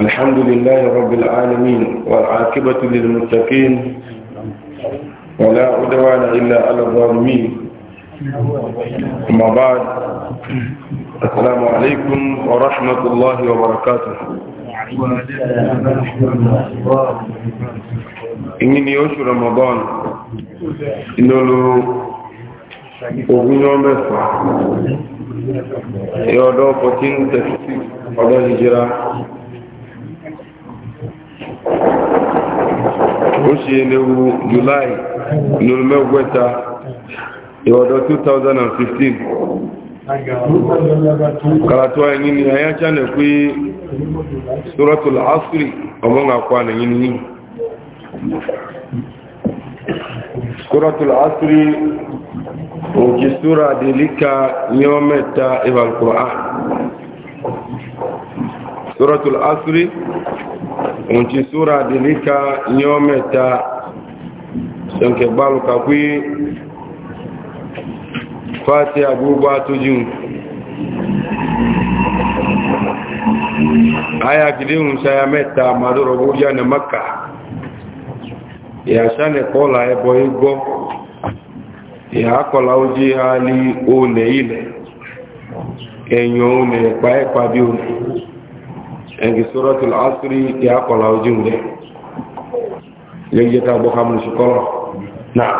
الحمد لله رب العالمين والعاقبة للمتقين ولا عدوان إلا على الظالمين أما بعد السلام عليكم ورحمة الله وبركاته إنني يوشو رمضان إنه لو أغنى mẹ́fà yọ ọdọ́ 1436 ọdọ́ oṣù ewu july nùlùmẹ́gbẹ́ta ìwọ̀dọ̀ 2015 karatu ayin ni a yanci ana kwe suratul asiri ọgbọ́n akwa na yin ni suratul asiri òkè sura delika yọ mẹ́ta ìwàlùkùrọ̀ suratul asiri onti sura dilika nyometa sonke balu kakwi fati agugwa tujun aya kidin saya meta maduro buja na makka ya shane kola ebo igbo ya akola oji hali ole ile enyo ole pa epa bi ole ẹnki sọ́rọ́tì lásìrì kí a kọ̀lá ojú rẹ̀ yẹ́yẹ́ ká gbọ́ ká mú sí kọ́lọ̀ náà.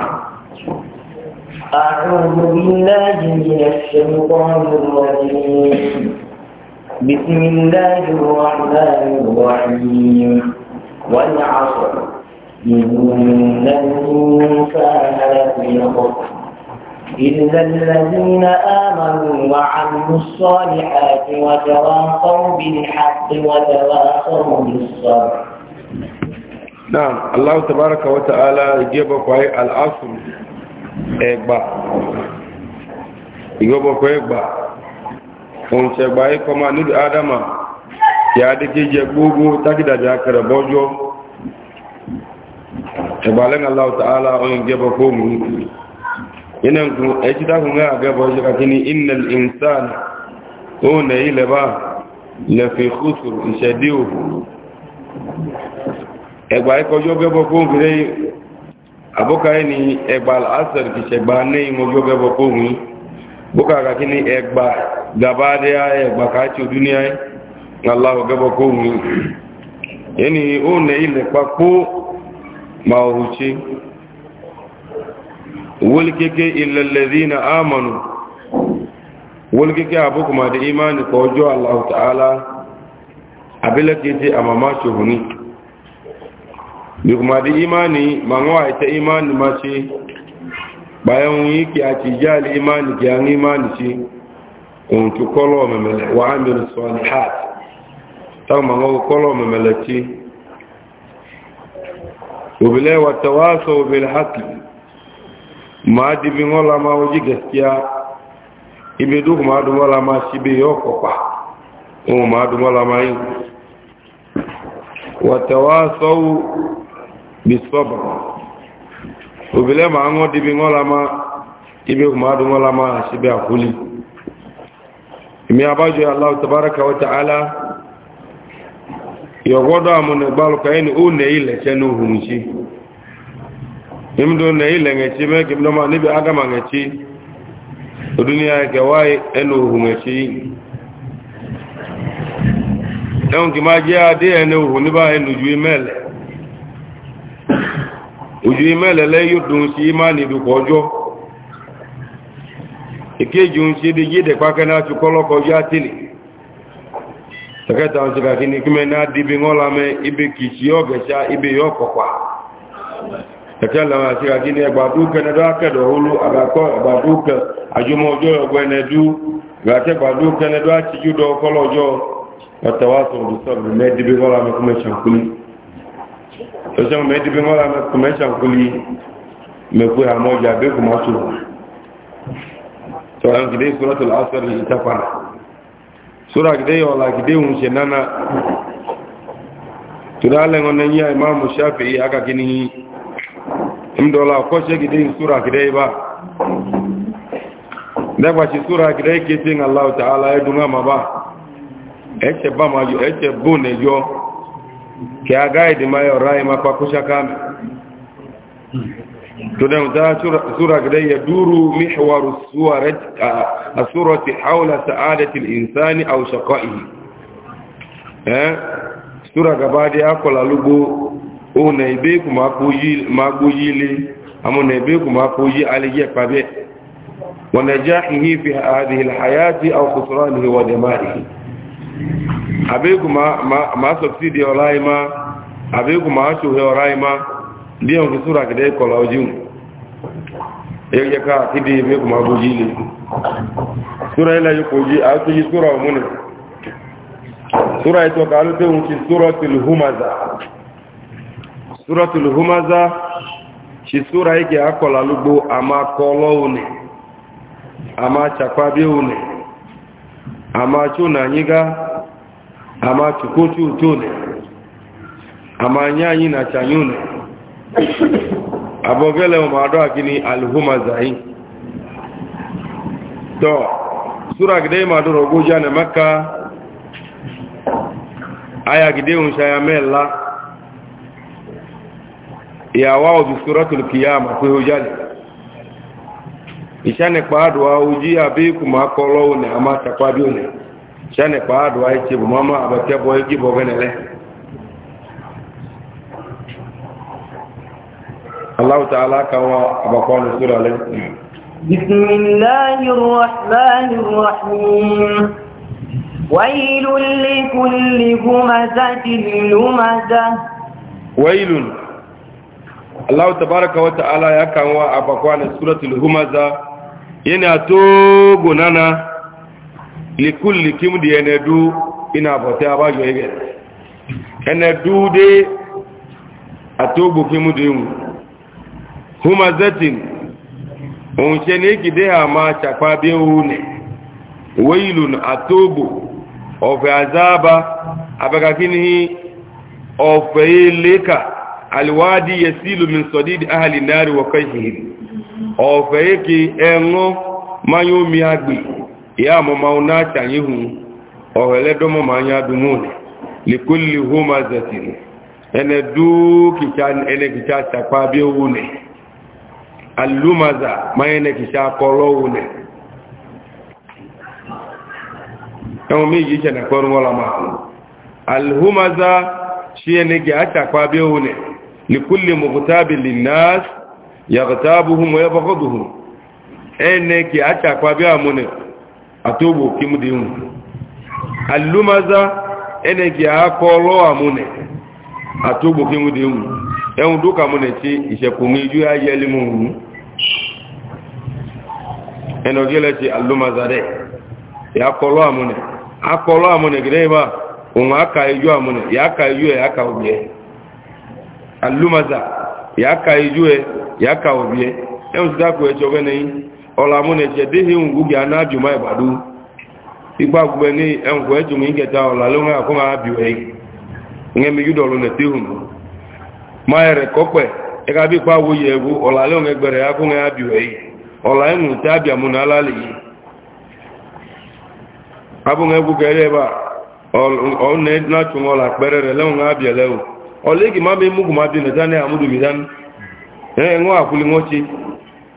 أعوذ بالله من الشيطان الرجيم بسم الله الرحمن الرحيم والعصر إن الإنسان لفي خسر إلا الذين آمنوا وعملوا الصالحات وتواصوا بالحق وتواصوا بالصبر نعم الله تبارك وتعالى يجيب في العصر إقبا يجيب قوي إقبا ونسيبا إقبا نود آدم يا دكي جبوبو تكدا جاكر بوجو تبالغ الله تعالى ويجيب قوي yana ku aiki ta kun ga gaba shi ka kini innal insan ko na yi laba la fi khusr ishadiu egba ko jo gebo ko ngire aboka ni egba al asr ki se gba nei mo jo wulkeke illallazina amanu wulkeke abukuma da imani kojo Allah ta'ala abilakiti amama shuhuni bikuma da imani mangawa ita imani mace bayan yiki a tijali imani ki an imani ci on kolo memele wa amir salihat ta mangawa kolo memele ci وبلا وتواصوا بالحق ma dibi ŋola ma oji gaskiya ibe duk ma dumola ma shi be yo kopa o ma dumola ma yi wa tawasaw bi sabr o bile ma ngo dibi ŋola ma ibe ma dumola ma shi be akuli mi abajo allah tabaraka wa taala yogodo amune balu kayni o ne ile chenu hunchi imdo na ile ngechi me kimdo ma nibi aga ma ngechi dunia ke wai enu e ki ma je ade enu hu enu ju imele uju imele le yudun si imani du kojo ìkéjì ń ike bí yíde pákẹ́ná ti kọ́lọ́kọ́ yá tìlì atili ń ṣe kàkí ní kí mẹ́ náà dìbí ibe mẹ́ ibi ibe ẹ̀kẹ́ lọ́wọ́ àti àjí ní ẹgbàdúkẹ́ nẹ́dọ́ akẹ́dọ̀ olú àgbàkọ́ ẹgbàdúkẹ́ àjọmọ́ ọjọ́ ọgbẹ́ nẹ́dú gbàtẹ́ ẹgbàdúkẹ́ nẹ́dọ́ àti júdọ̀ ọkọ́lọ́jọ́ ẹ̀tẹ̀wàsùn olùsọ̀rọ̀ mẹ́ẹ̀dìbí wọ́n lámẹ́ kúmẹ́ṣàkúlí mẹ́kú àmọ́jà bí kò mọ́tò tọ́rọ gidé sọ́rọ̀tọ̀ lásọ̀rọ̀ ìtafà sọ́rọ̀ gidé yọ̀ọ̀lá gidé ń ṣe nánà tùdálẹ́wọ̀n náà yí àìmáàmù sáfẹ́ yí agagini yìí ndola kɔsɛ gidi sura gidɛ ba dagba si sura gidɛ kete ŋa alahu ta'ala ye dunga ma ba ɛtsɛ ba ma yɔ ɛtsɛ bo ne yɔ kɛ a ga yi di ma yɔ ra yi ma kpa kusa kan mɛ to òun nà ìbé kò máa gbóyí ilé àmọ́ nà ìbé kò máa gbóyí alẹ́yẹ pàbẹ́ wọ́n nà já ìhí fi àdìhì àyájí àwòkòsọ́rọ̀ ní ìwọ̀dẹ̀ máa rí àbé kò máa sọ̀tídì ọ̀rá imá àbé kò máa ṣòhẹ́ ọ̀rá imá bí ọ̀n kìí súra kìdẹ́ kọ̀lá ojú ẹgbẹ́ ká àkídì ìbé kò máa gbóyí ilé súra ti súra tìlú húmazà suratul humaza shi sura yake akola lugbo ama kolo une ama chakwabi une ama chuna nyiga ama chukuchu utune ama nyanyi na chanyune abogele umadoa kini alhumaza hii to sura gide maduro goja na makka aya gide unsha ya mela ìyàwó òbí sọ́rọ̀tùlù kìyàmà pé ó jáde ìṣẹ́nìpá àdùwà ojú àbíkù máa kọ́ lọ́wọ́ ní àmà tàpádé òní ìṣẹ́nìpá àdùwà ìṣe bù máa àbẹ̀tẹ́bọ̀ ìjìbọ̀ gẹ́nẹ̀lẹ́ aláwùta alákàwà àbàkọ́nù sórọ̀ lẹ́ bismillahir rahmanir rahim wailul likulli humazati lumazah Allah tabaraka wa ta'ala ya kanwa a bakwana suratul humaza yana to gonana likulli kim di enedu ina bota ba yo ege enedu de atogo kim di mu humazatin on chene ki de ama chapa be une wailun atogo of azaba abaka kini of ileka alwadi yasilu min sadidi ahli nari wa kayhihim ọ̀fẹ́ yake ẹ̀ngọ́ mayó mi agbè ìyá àmọ́má ọ̀nà àtàyéhù ọ̀rẹ́lẹ́dọ́mọ́ ma ń yá dùnmù lèkólè homa zẹ̀tìrì ẹnẹ dúkìá ẹnẹkìá sàpá bí owó nẹ̀ alúmazà ma ẹnẹkìá kọlọ́ owó nẹ̀ ẹwọn méjì ṣẹ̀nàkọ́rún wọ́la máa alúmazà ṣí ẹnẹkìá sàpá owó nẹ̀ لكل مغتاب للناس يغتابهم ويبغضهم انك اتاكوا بامن اتوبو كيمديهم اللمزه انك اكولو امن اتوبو كيمديهم ehun duka mu ne ti isekun iju aye limu eno gele ti ya kolo amune akolo amune un aka iju amune ya aka iju ya alumaza ya ka ijue ya ka obie enwetụta kwụ eche ogene ọla mụ na eche dịghị ngwu gị ana abịụ ma ịgbado igba gbugbe ni enwekwa eche m iketa ọla lụnwe akwụ ma abịụ eyi nye mi yudọlụ na etehu ma ere ya egwu ọla lụnwe gbere ya akwụ nwe abịụ eyi ọla enwete abịa mụ na abụghị egwu ebe a na-achụ ọla kpere olegi ma be mugu ma dina zane amudu bidan eh ngo akuli ngochi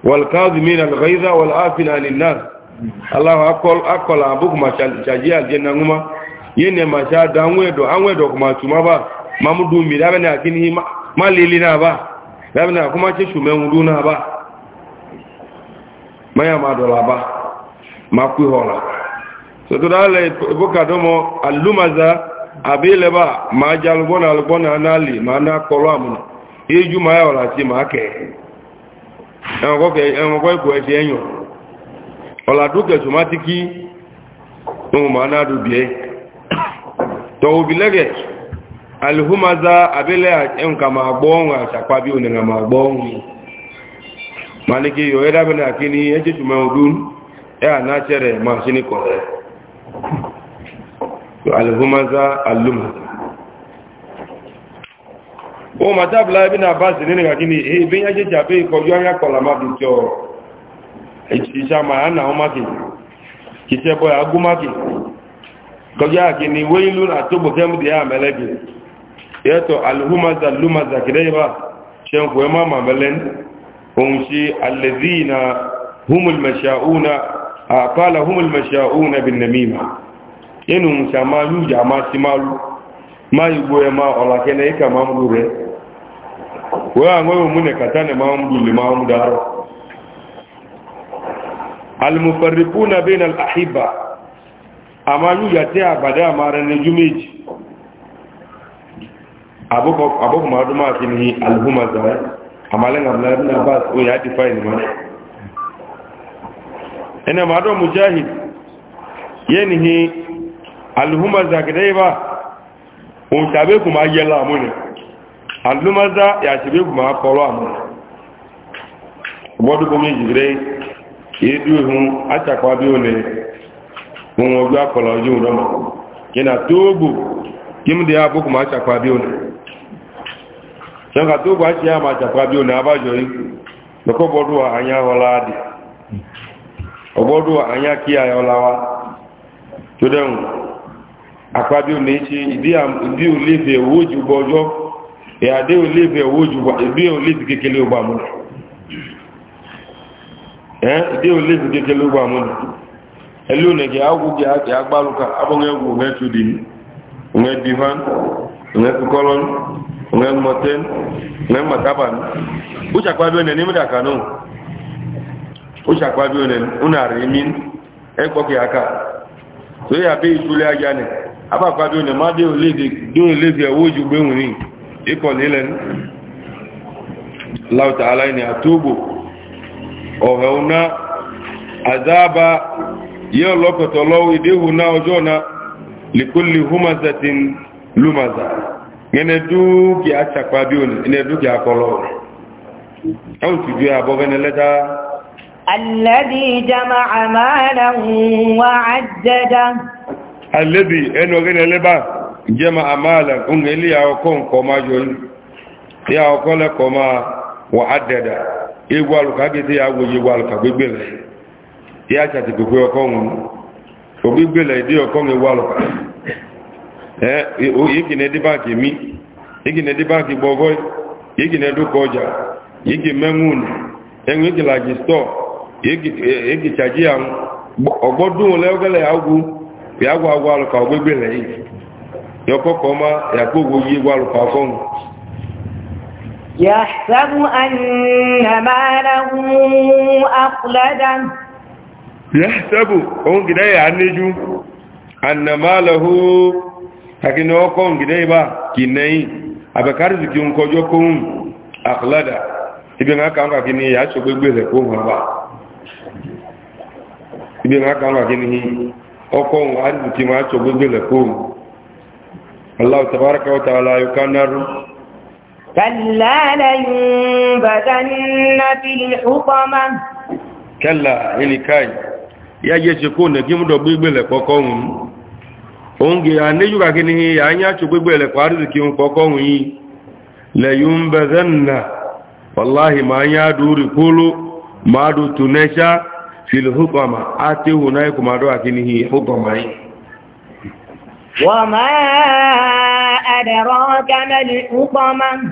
wal kadhimin al ghaiza wal afina lin allah akol akola abugu ma chaji aljanna nguma do anwe do kuma tuma ba mamudu malili na ba da shume ngudu na ba maya ma hola so to dale domo alumaza abileba ma ji alụgbọna alụgbọna ma na akpọrọ amụna iju ma ya ọlati ma aka ẹnwọ̀kọ́ ikú ẹ̀ṣẹ̀ ẹ̀yọ̀ ọ̀làdúkẹ̀ ohun ma na dùbìẹ́ tọ̀wọ̀bìlẹ́gẹ̀ alìhúmaza abílẹ̀ ẹnkà ma gbọ́ ohun àṣàpá bí onìyàn ma gbọ́ ohun ma ní kí yọ ẹ́dábẹ̀lẹ̀ àkíní ẹjẹ́ tùmẹ̀ ọdún ẹ̀ àná alhumaza allumha o ma tabla ibn abbas nínú ìgbàkí ni ebe yá jẹ́ jàbé ìkọjú ayá kọlà máa bí jọ ìṣàmà àánà ọmọkì kìtẹ́ bọ́ agúmákì kọjá àkì ni wéyìnlú àtógbò kẹ́mùdì yá àmẹ́lẹ́gì yẹ́tọ̀ alhumaza lumaza kìdẹ́ yíba ṣe ń kòwẹ́ máa màmẹ́lẹ́ ohun ṣe alẹ́zí na humulmẹ̀ṣàúnà àkọ́lá humulmẹ̀ṣàúnà bin namima inu musa ma yuja ma ti ma lu ma igbo e ma ola kene ika ma mbu re we anwe mu ne katane ma mbu le ma mbu daro al mufarriquna bayna al ahibba ama yuja te abada ma re ne jumeji aboko aboko ma do ma kini al humaza eh? amale ngamla ibn abbas o ya define ma ene ma do mujahid yenihi alhumaza gidai ba ohun tàbí kùmà yẹla àmúnẹ̀ alhumaza yà tàbí kùmà kọrọ àmúnẹ̀ gbọ́dù kọmí jìgidai yédú ihun àtàkọ́ bí ó lè ohun ọgbẹ́ akọ̀lọ̀ ojú ìrọmọ̀ yẹna tóógbò kí mú dẹ̀ àbúkù máa àtàkọ́ bí ó lè ṣẹ́nkà tóógbò àti àmà àtàkọ́ bí ó lè abájọ yìí lọ́kọ́ gbọ́dù àyà ọlá adì ọgbọ́dù àyà kí àyà ọlá wa tó dẹ̀hùn akpabio na-eche ndị olive woju bụ ọjọ ya dị olive woju dị kekele ụgbọ amụ ee dị olive kekele ụgbọ amụ elu na gị agwụ gị ka agbanwe egwu onwe tudi onwe divan onwe kukọlọn onwe mmoten onwe mmataban uche akpabio na n'ime abápadé ọ̀nà má dé olédè ẹ̀wọ́ ojú gbéhùn ní ikọ̀ nílẹ̀ ní láwùtà aláìní àtógbò ọ̀hẹ̀ ọ̀nà àzáàbá yẹ́ ọlọ́kọ̀tọ̀ lọ́wọ́ ìdéhù náà ọjọ́ náà lèkólè húmọ́sẹ̀tìn lúmọ́sà الذي جمع مالا وعدده alẹ́bì ẹnu ọgẹ́ ẹlẹ́bà jẹ́mà àmàlà ń ilé àọkọ́ nǹkan máa jọ ní tí àọkọ́ lẹ́kọ̀ọ́ máa wà á dẹ̀dà ewu alùkà gẹ́gẹ́ agbóyè ewu alùkà gbégbèlẹ̀ tí a ṣàti pẹ̀pẹ́ ọkọ́ wọn mi ọgbọ́dún ya gwa agwa alụka ogbegbe na iyi ya ọkọkọ ọma ya ka ogwo yi gwa alụka ọkọnwụ يحسب أن ماله أخلده يحسب أون كده يعنيجو أن ماله لكن أون كده ibi nga kan ka kini ya ọkọ̀ ohun alìbùtí máa tọ gbogbo lẹ́kùn aláwọ̀ tàbárakà wata aláyọ̀ kánárù kàlá lẹ́yìn bàtà nínú fi ìhùkọ́má kàlá ìníkàí ya yẹ ṣe kó nẹ̀kí mú dọ̀gbogbo lẹ́kọ̀ọ́kọ́ ohun ohun gẹ̀ anéjúkà kí ni fil hukama ate hunai kumado akini hi hukama hii wama adraka mal hukama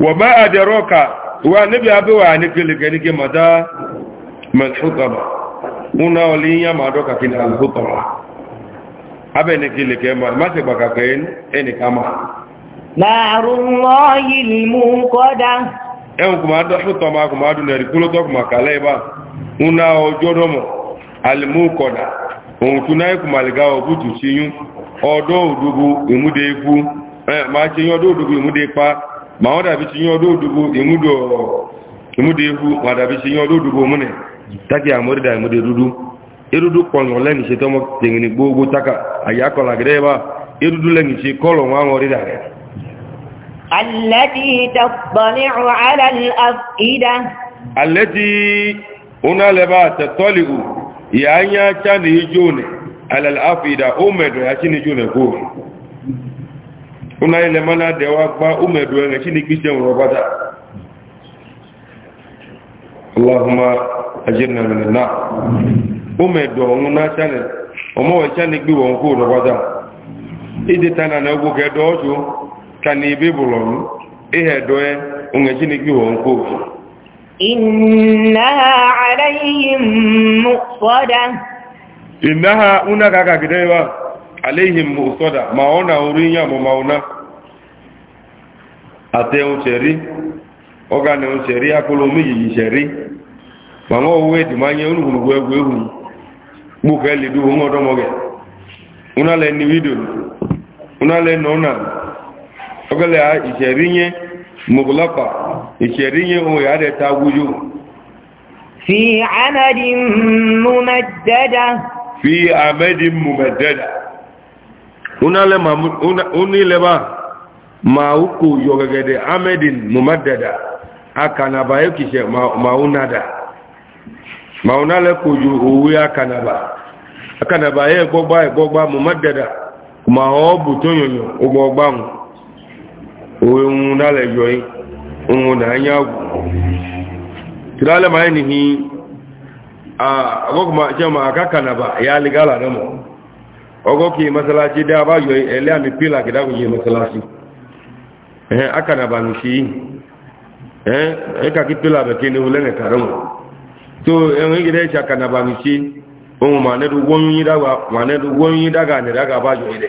wama adraka wa nabi abi wa ni kele gani ke mada mal hukama una olinya madoka kini al hukama abe ne kele ke ma ma se baka ken eni kama narullahi al muqaddah ẹ̀hùn kò máa dọ́fútọ́ máa kò máa dùn ẹ̀rí kúrò tọ́kù máa kàlẹ́ ìbá ń ná ọjọ́ dọ́mọ̀ alimúkọ̀dà ohun tún náà kùmà lè ọ ọ̀bùtù ṣíyún ọdọ́ òdúgbò ìmúdé ikú máa ṣíyún ọdọ́ òdúgbò ìmúdé ipa máa wọ́n dàbí ọdọ́ òdúgbò ìmúdé ikú máa dàbí ọdọ́ òdúgbò múnẹ̀ tákì ìmúdé dúdú gbogbo التي تطلع على الأفئدة التي هنا لبا تطلع يعني كان يجون على الأفئدة أمد يكين يجون كور هنا لما ندعوا أكبر أمد يكين يكين ربطا اللهم أجرنا من النار أمد هنا كان ọmọ ìṣẹ́ ni gbíwọ̀n kó rọ̀bọ̀dá ìdí tánà náà gbogbo ẹ̀dọ́ ọjọ́ ka na bụrụ m ihe doe onye chineke wọ nkwo innaha alaihim muqsada innaha una ka gidewa muqsada ma ọ urinya mo mauna ate o cheri oga ne o cheri akolo mi yi cheri ma mo e di manye unu gwe gwe unu ka du una le ni video una le nona ogele a ìṣẹ̀ríyẹ mọ̀gọ́lọ́pà ìṣẹ̀ríyẹ ohun ìyá rẹ̀ ta wújú fi àmẹ́dì mọ̀mẹ́dẹ́dà fi àmẹ́dì ma ó kò yọ gẹ̀gẹ̀dẹ̀ àmẹ́dì mọ̀mẹ́dẹ́dà akànàbà yóò ma ó ma ó nálẹ̀ kò òwe akànàbà akànàbà yẹ́ gbọ́gbá ma ó bù tó wọn owe nwụ n'alejọ nwụ na anya agwụ tirala ma anyị n'ihi agọkụma chema aka kanaba ya aligala na mọ ọgọkị masalachi dị abayọ ele ami pila gidagụnye masalachi ee eh, aka na banki ee eh, ịka kị pila bekee n'ihu lene karịm to enweghị dị echi aka na banki ụmụ ma nedu gwonyi daga ma nedu gwonyi daga anyịrị aga abayọ ile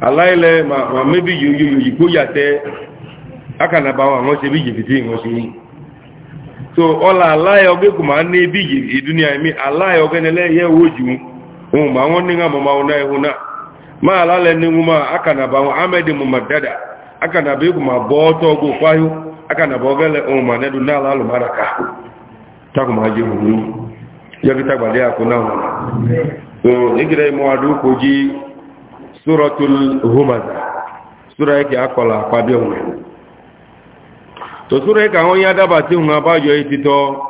alailẹ ma mebi yoyoyigbo yàtẹ akànàbà wọn àwọn ṣe bí jìbìtì wọn ṣe yìí so ọlá aláyẹ ọgbẹ́ ma ní bí ìdúnìá mi aláyẹ ọgbẹ́ nílẹ̀ yẹ owó jù wọn ma wọn ní àmọ́ ma wọn náà ẹ̀hún náà ma alálẹ̀ ní ma suratul humaza sura yake akọla akpabe onwe to sura yake onye adabati hun abajo itito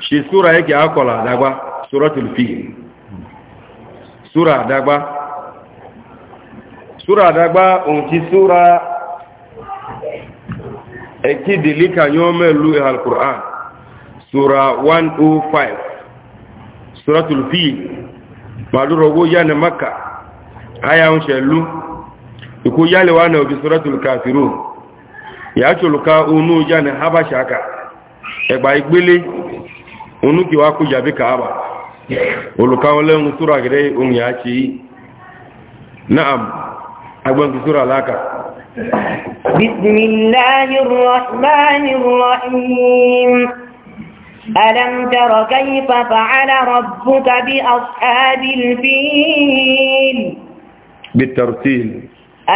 shi sura yake akọla adagba suratul fil sura adagba sura adagba on ti sura ekidilika yomelu e alquran sura 105 suratul fil maduro go yana makkah aya ń ṣẹ̀lú ikú yálẹ̀wà náà bí sọ́rọ̀tù kàfíró ìyáṣòlùká onú yá ní habashaka ẹgbà ìgbélé onú kí wá kú jàbí kàábà olùká ọlẹ́run súra gẹ̀rẹ́ ohun yà ṣe yí ألم تر كيف فعل ربك بأصحاب الفيل بالترتيل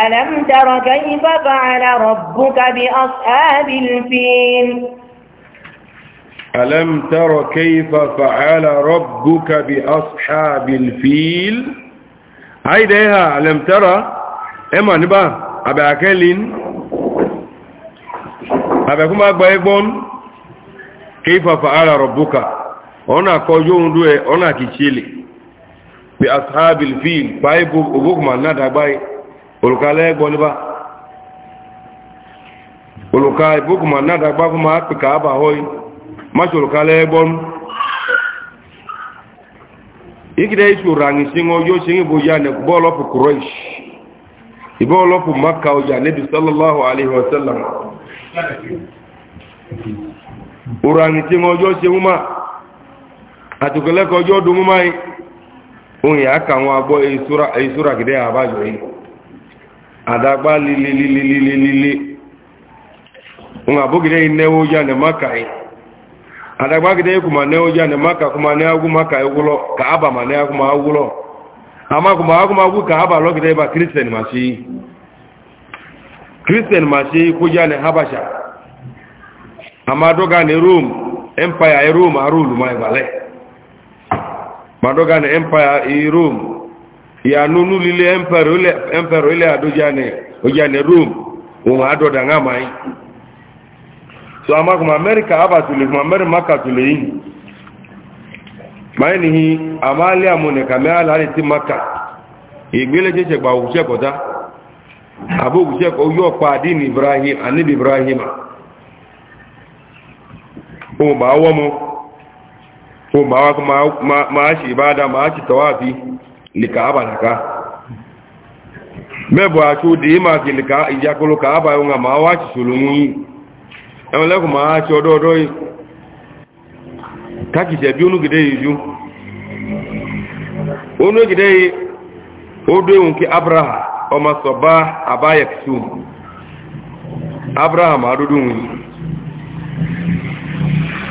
ألم تر كيف فعل ربك بأصحاب الفيل ألم تر كيف فعل ربك بأصحاب الفيل أيديها ألم ترى إما نبا أبا أكلين أبا كما أبايبون كيف فعل ربك هنا كوجون دوه هنا كيشيلي bi ashabil fil bai bu uguma na da bai uluka le gboni ba uluka uguma na da ba kuma apika ba hoyi ma uluka le gbon ikide isu rangi singo yo singi bo ya ne bolo fu quraish ibolo fu makka o ya nabi sallallahu alaihi wasallam urangi singo yo singo ma yo dumu oyin aka wọn abọ́ ìṣúra gidẹ́ àbájọ yìí àdágbá lílílílílílí oun àbógidẹ́ inẹ́wó já ní maka yìí àdágbá gidẹ́ ikú ma nẹ́wó já ní maka kú ma ní agú maka ìwúlọ kàábà ma ní agú ma wúlọ àmá kú lọ́gidẹ́ habasha àmá dọ́gá ní empire rome arúlùmọ́ ìbàlẹ̀ madogan empire i ya nunu lile Empire ile emperor ile adojane ojane room, o ado danga mai so ama kuma america aba tuli kuma america maka tuli yin mai ni amali amune kamala ni ti maka igbele jeje gba owuse kota abu owuse ko yo pa din ibrahim anibi ibrahima o ba wo mo ko ma shi ibada ma shi tawafi lika'aba da ka mẹ́bọ̀ àti ó dèé máa fi lìkà ìjákọlù kàábà ohun àmà wá ti ṣòlò mú yí ẹwọ́n ṣe ọdọ́ọdọ́ yìí kákìsẹ̀ bí onúgidẹ́ yìí jú onúgidẹ́ yìí ó dó yi abraham abaya abraham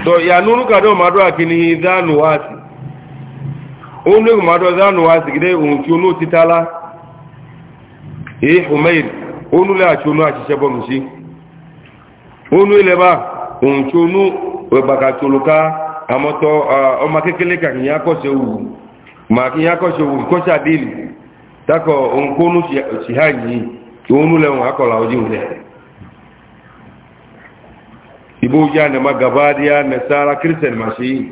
So ya nuru ka do madu akini dhanu wasi onle ko madu dhanu wasi gide un ti e, onu titala eh umayr onu la ti onu ati sebo musi onu ile ba un ti onu we baka tuluka amoto o ma kekele kan ya ko se wu ma ki ya ko se wu ko sa dili tako un kunu si hanyi onu le un akola oji un le ibuja ne ma gabadia nasara christian mashi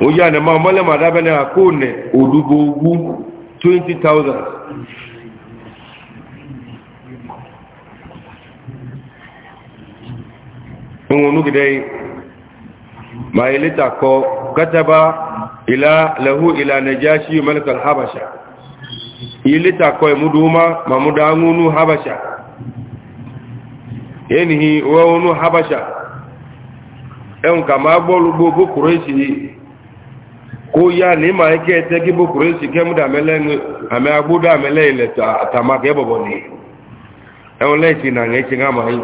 oja ne ma mole ma dabe ne akune odugo ogu 20000 ngunu gidai ma ilita ko kataba ila lahu ila najashi malik al habasha ilita ko muduma mamuda ngunu habasha enihi wonu habasha ẹun ka ma gbọ́lu gbogbo kùrẹ́sì kó yá ní ma ike ẹ̀tẹ́ kí bó kùrẹ́sì kẹ́múdà mẹ́lẹ́ àmì agbódà mẹ́lẹ́ ilẹ̀ àtàmàkẹ́ bọ̀bọ̀ ní ẹun lẹ́ẹ̀sì nà ń ẹ̀ṣẹ̀ ńàmà yìí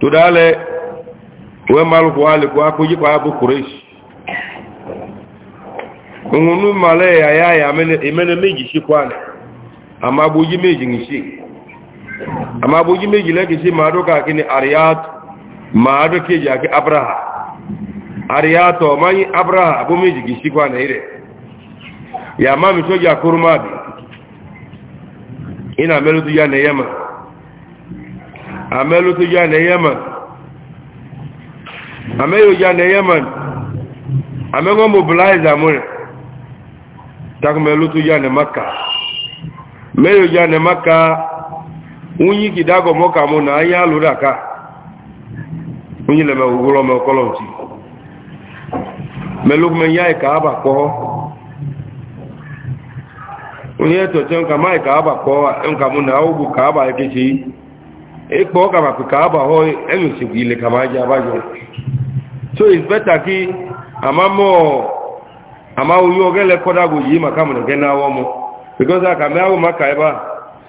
tó dálẹ̀ wọ́n máa lùkọ́ méjì sí méjì ní sí amma buji meji laki si ma doka kini ariyat ma doke ji aki abraha ariyato mani abraha abu meji gishi kwa na ire ya ma mi soja kurma bi ina melutu ya na yema amelutu ya na yema ameyo ya na yema amego mobilize amure tak melutu ya na makka meyo ya na makka onye gide agọm ka mụ na anya alụrụ aka onye na mewugoro m ọkọlọ nti melụmenya anyị ka aba kpọọ onye tọche nka maị ka aba kpọọ nka mụ na ogbu ka aba ekechi ịkpọ ka mapụ ka aba hụ enyochikwa ile ka ma ji abajọ so is better ki ama yi maka mụrụ gị na awọ mụ aka mee ahụ maka ebe a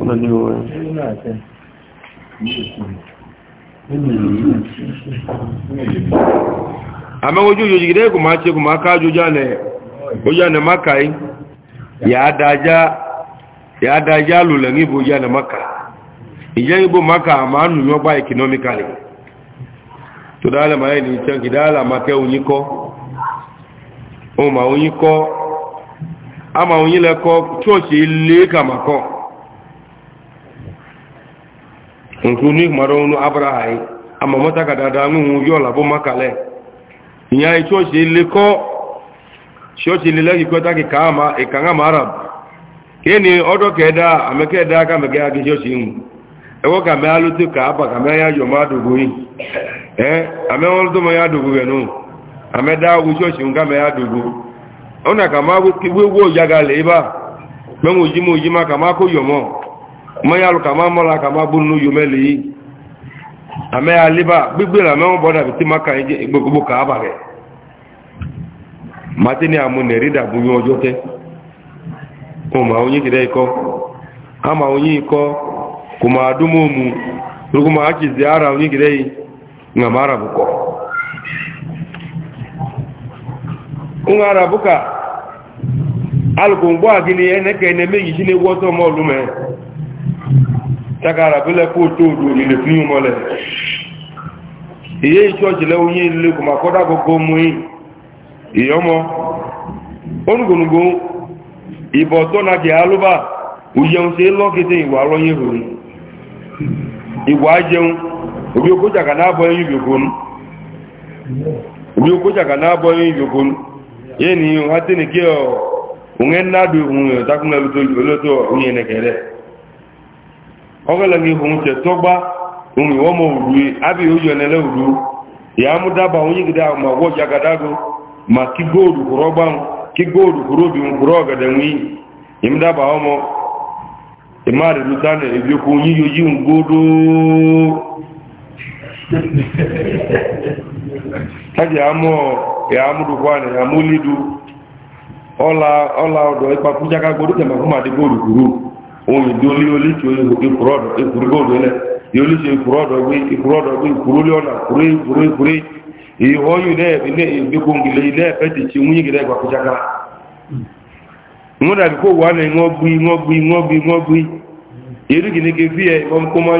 Ọ̀nà ni ọ̀rẹ́. Àmẹ́ ojú yóò jìgìdẹ́ kò máa ṣe kò máa káájú jáne, ó jáne máka yìí, yà á dájá lòlẹ̀ ní ìbò jáne máka. Ìjẹ́ ìbò máka àmà nù yọ́ gbá economically. Tó dáálẹ̀ máa yìí ní ìṣẹ́ kìdáálà máa kẹ́ oyin kọ́. Ó máa oyin kọ́ ama onye lekọ chọọchị ile kamakọ nke unu mara ọnụ abrahai ama mọta ka dada anwụnwụ yọ labụ makale ihe anyị chọọchị ilekọ chọọchị ilele ikweta gị ka ama ịka nha ma arab kene ọdọ ka ede a ameka ede aka mege ya gị chọọchị nwụ ewe ka mee alụtụ ka aba ka mee ya ji ọma adụgoyi ee ame ọrụ dụmọ ya adụgoghenụ amedaagwụ chọọchị nga mee ya adụgo ona kama wewo yagale Ma menwo jimo jima kama ko yomo mayalu kama mola kama bunu yomeli ame aliba gbigbe la menwo boda biti maka ije gbogbo ka abare matini amune rida bu yo jote o ma onyi kide iko ama onyi iko kuma adumo mu ruguma achi ziara onyi kide ngamara buko ụmụ arabụ ka alụkụ mgbe a gị eneke na-emeghị ji na-egwu ọtọ mọlụ mee takara bụla kpo otu odu olile fún yìí mọ́lẹ̀ ìyẹ́ ìṣọ́jì lẹ́wọ́ yìí lè kò gbogbo mú ìyọ́mọ́ onígbònúgbò ìbọ̀ tó na kìí alúbà òyẹun sí lọ́kìtì ìwà lọ́yìn rò ìwà jẹun òbí okójàkà náà bọ́ yìí yòkónú yeni wate ni kio ungen nadu unyo takuna luto luto unye nekere ogala ngi hunche togba umi womo udui abi ujo nele udu ya mudaba unyi gida ma woja gadago ma kigodu kuroba kigodu kurobi unkuroga denwi imdaba homo imari lutane ibyo kunyi yoji ungodo haji amu ya amudu kwane ya mulidu ola ipa kuja ka ke guru do li oli ti oyin ko kurodo e guru godu le yo li ti kurodo bi bi le ona kure kure kure i bi ne bi ko pe ti kuja ka bi ko wa ne ngo ngo ngo ngo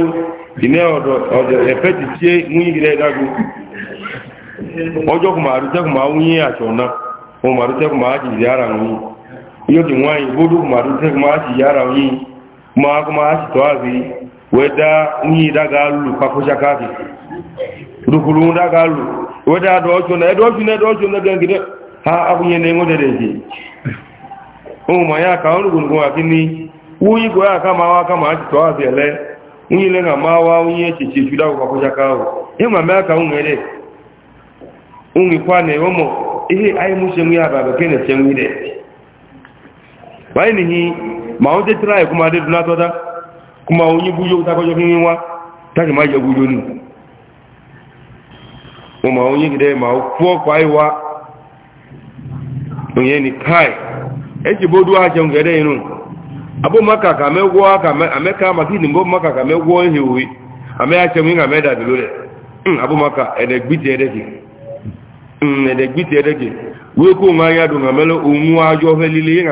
ine odo odo e pe ti ọjọ́ kò máa rúṣẹ́ kò máa àṣọ náà ohun máa rúṣẹ́ kò ara wọn yóò ti wáyé bódó kò máa rúṣẹ́ kò máa jì ìyá ma a máa kò máa ṣìtọ́ àrí wẹ́dá wúyẹ́ dága lù pákóṣákáàkì rukuru dága lù wẹ́dá dọ́ọ̀ṣọ́ náà ẹ̀dọ́ọ̀ṣọ́ náà ẹ̀dọ́ọ̀ṣọ́ náà gẹ́gẹ́ ha ungikwa ne yomo ihe ai mushe mu ya baba kene chengu de baini hi maoje try kuma de dunatoda kuma onyi ni kuma onyi gide ma okwo kwa iwa onye ni kai e bodu ngere inu abu maka ka megwo aka ameka ni mbo maka ka megwo ehi uwi ame ache mwinga meda bilule hmm, abu maka ene ẹ̀dẹ̀gbìtì ẹ̀dẹ̀gẹ̀ wíkú ya ya àmẹ́lẹ́ na o ọ̀fẹ́ líle yín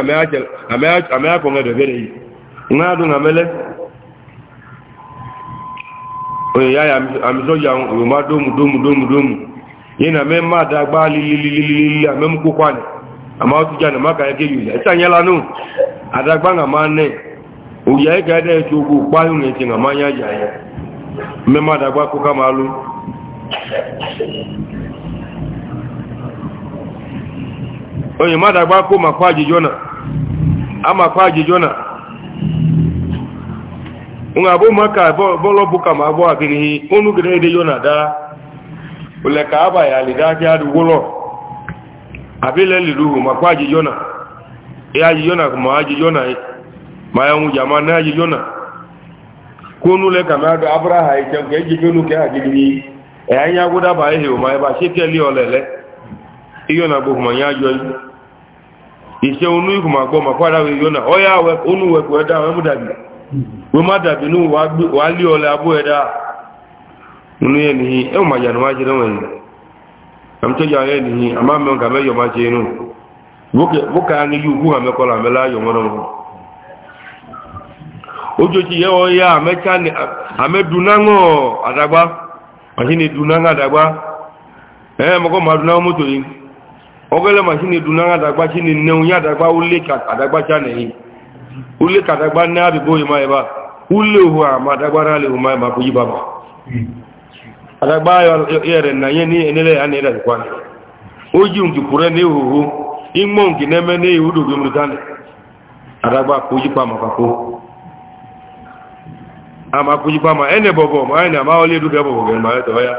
àmẹ́yàkọ̀ọ́mẹ́ dọ̀gẹ́rẹ̀ yìí ń ayádùn àmẹ́lẹ́ òyìnbá na òyìnbá dómù dómù dómù dómù yín àmẹ́ máa dàgbà lílílílílí àmẹ́mú kókó àná àmọ́ ó ti jà nàmá kàyà kéyù ilẹ̀ ẹ̀sà yẹn lánú àdàgbà onye mmadụ agba akụ makwa ajụjụ na amakwa ajụjụ na nwa abụ maka bọlọ bụ ka ma abụọ agịnihi unu gere ede yona daa ule ka abalị alịda ahịa adụgwụlọ abịla liri uhu makwa ajụjụ na ya ajụjụ na ma ajụjụ na ma ya nwụja ma na ajụjụ na kunu le kama do abraha ite nke ejike nu ke agidi e, e anya guda ba ehe o ma e ba se kele olele iyo na bo ma nya jo yi ìṣe onú ìkùnmà gbọ́ ma fọ́dá wí yóná ọya onú wẹ̀kù ẹ̀dá ẹmú dàbí wọ́n má dàbí ní wà lé ọlẹ́ abú ẹ̀dá inú yẹ nìyí ẹwù ma yànú wájú rẹ̀ wọ̀nyí àmìtọ́jà yẹ nìyí àmà mẹ́wọ̀n kà mẹ́yọ̀ má ṣe inú bókà ní yú kú àmẹ́kọ́lá àmẹ́lá yọ̀ mọ́nà ogele machine du na adagba chini nne onye adagba ule ka adagba adagba na abibo yi mai ba ule hu ama adagba na lehu ma ko yi baba adagba yo ni enele ani da kwa oji unki kure ne huhu imo unki neme ne yudu bi mutane adagba na yi pa ma pa ko ama ko yi pa ma ene bobo ma ene ma ole du be bobo ge ma e to ya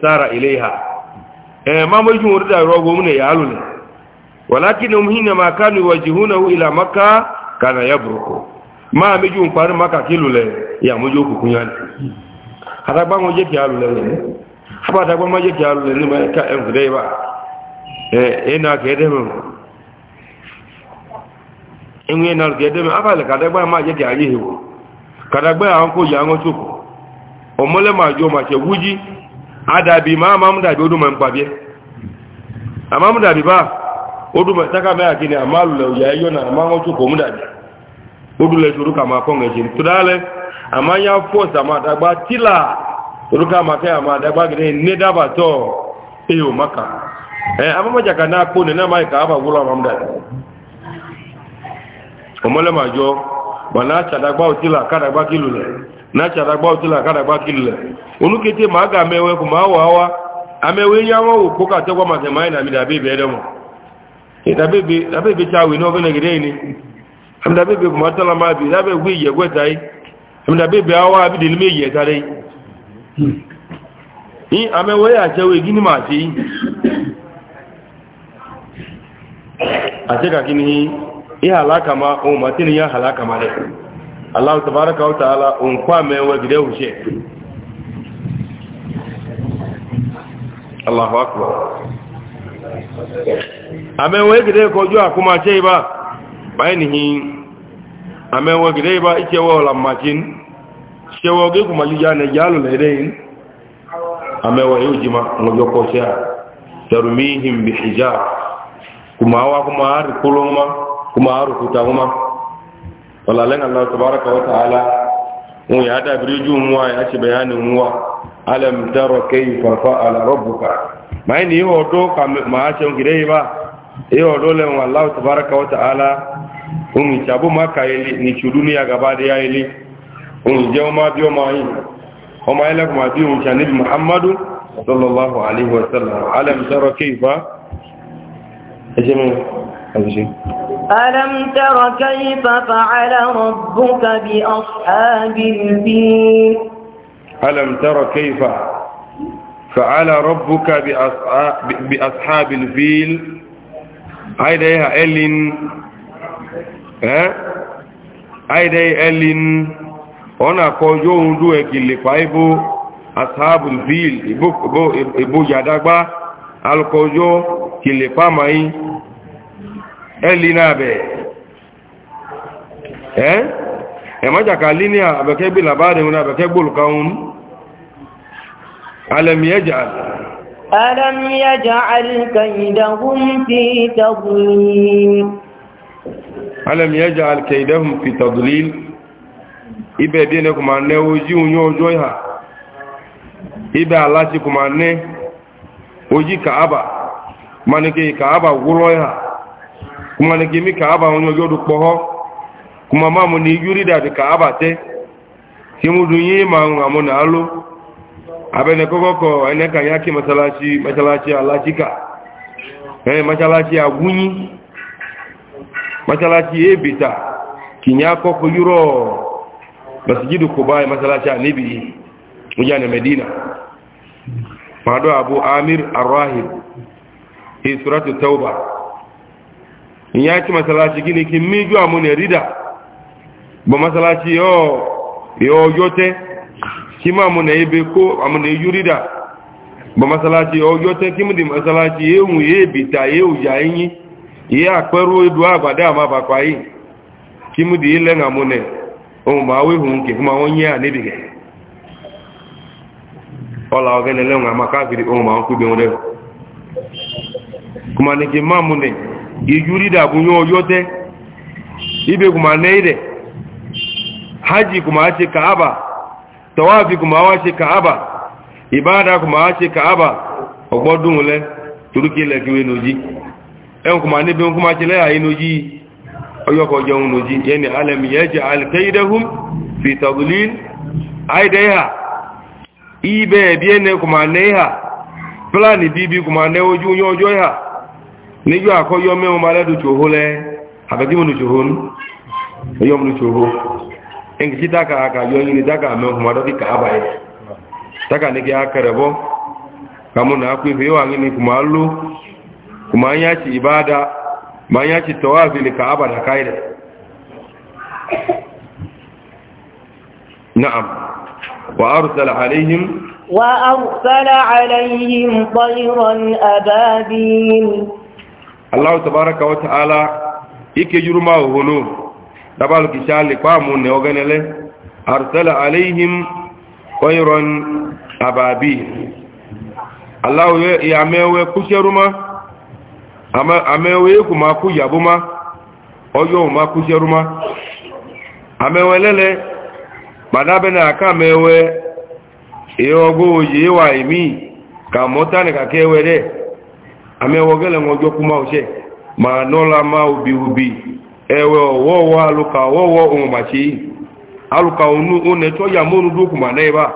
sara ilaiha eh mamo ju murda rogo mun ya alule walakin hum hina ma kanu wajihunahu ila makka kana yabruku ma mi ju makka kilule ya mojo kukunyan hada ba mo je ki alule ne fa da ba mo je ki alule ne ma ka en gudai ba eh ina ke de mo na ke de mo abale ka da ba ma je ki kada ko ya omole ma jo ma che wuji adabi ma amamu dabi odu ma nkpabie amamu dabi ba odu ma taka me akini amalu le oya iyo na ama ngotu ko mu dabi odu le turu kama ko ngeji to dale ama ya force ama dagba tila turu kama ke ama dagba gire ne daba to eyo maka eh ama maja kana ko ne na mai ka aba gulo amamu dabi omole majo bana cha dagba otila ka dagba kilule na chara agba otela akada agbakilile unu ma a ga amewe kwụ ma awa awa amewe nye awa wụ kpoka atekwa maka ma anyị na amida bebe ede mụ dabebe e, cha awi n'oge na amida bebe ma bi amida bebe awa Allah tabaraka wa ta'ala unkwa mewe gide ushe Allahu akbar amewe gide ko ju akuma chei ba bainihi amewe gide ba ike wo la majin shewo ge kuma ju jana jalu le dein amewe yujima ngojo ko cha tarmihim bihijab kuma wa kuma har kuluma kuma har kutaguma walalen Allah tabaraka wa ta'ala mu ya da biriju muwa ya ci bayanin muwa alam tara kayfa fa'ala rabbuka mai ni ho to ka ma ce on gidai ba e ho dole mu Allah tabaraka wa ta'ala um chabu maka ili ni chuduni ya gaba da yaili um je ma biyo ma yi o ma ila kuma biyo cha nabi muhammadu sallallahu alaihi wa sallam alam tara kayfa ajimi ajimi ألم تر كيف فعل ربك بأصحاب الفيل ألم تر كيف فعل ربك بأصحاب الفيل هيدا يا إلين ها هيدا يا إلين هنا كوجو دوك اللي فايبو أصحاب الفيل إبو إبو إبو يدغبا الكوجو كلي فاماي ẹ̀lì náà bẹ̀ ẹ́ ẹ̀mọ́jàkà líní àbẹ̀kẹ́ bí làbáàrin àbẹ̀kẹ́ gbòlùkáhún alẹ́mìẹ́jà ألم يجعل كيدهم في تضليل ألم يجعل كيدهم في تضليل ibe dine kuma ne oji unyo ojo iha ibe alachi kuma ne oji kaaba kuma ne gemi kaaba wọn yóò dùn kpọ́họ́ kuma máa mu ni yúrí dàdí kaaba tẹ́ tí mo dùn yín máa ń àmọ́ nà á ló abẹ́ni kọ́kọ́ kọ ẹni kan yá kí masalasi masalasi alásìkà ẹ masalasi agúnyí eh, masalasi ebita kìnyà kọ́kọ́ yúrọ̀ masijidu kuba masalasi anibi mo jẹ́ àná medina màdó abu amir arahim fi suratu tauba. ìyá tí masalasi gíní kí míjú àmúnẹ̀ rídà bọ̀ masalasi yọ ọjọ́ tẹ́ kí máa múnẹ̀ ibe kó àmúnẹ̀ yú rídà bọ̀ masalasi ọjọ́ tẹ́ kí múdì masalasi ehun ebìta ehùjá yí ìyá àpẹrú ìdú yìí kí múdì ilẹ̀ àmúnẹ̀ ohun ijuri da bunyo yote ibe kuma neide haji kuma ace kaaba tawafi kuma wace kaaba ibada kuma ace kaaba ogbodun le turuki le kiwe noji en kuma ni bin kuma chile ayi noji oyoko jeun noji yani alam yaj'al kaidahum fi tadlil aideha ibe biene kuma neha plani bibi kuma ne oju nyojo ha níjọ́ àkọ́yọ́ mẹ́wọ́n ma lẹ́dù ṣòho lẹ́ àbẹ̀dìmọ̀nù ṣòho ní ọyọ́mọ̀nù ṣòho ẹnkì tí dáka aka yọ yìí ni dáka mẹ́wọ́n ma dọ́kì kàábà yẹ dáka ní kí a kẹrẹ bọ́ kàmú náà pé fẹ́ wà ní kùmà ló kùmà ń yá sí ìbáadá ma ń yá sí tọ́wọ́ àfihàn kàábà dà káyì rẹ̀ na'am wa arsala alaihim وأرسل عليهم طيرا أبابيل Allah tabaraka wa ta'ala ike juruma hono dabal kishali kwa munne oganele arsala alaihim khayran ababi Allah ye yamewe kusheruma ama amewe kuma kuyabuma oyo ma kusheruma amewelele badabe na akamewe eogo yiwa imi kamota ne kakewere amewogele ngojo kuma uche manola ma ubi ubi ewe owowo aluka owowo umachi aluka unu uneto ya munu duku maneba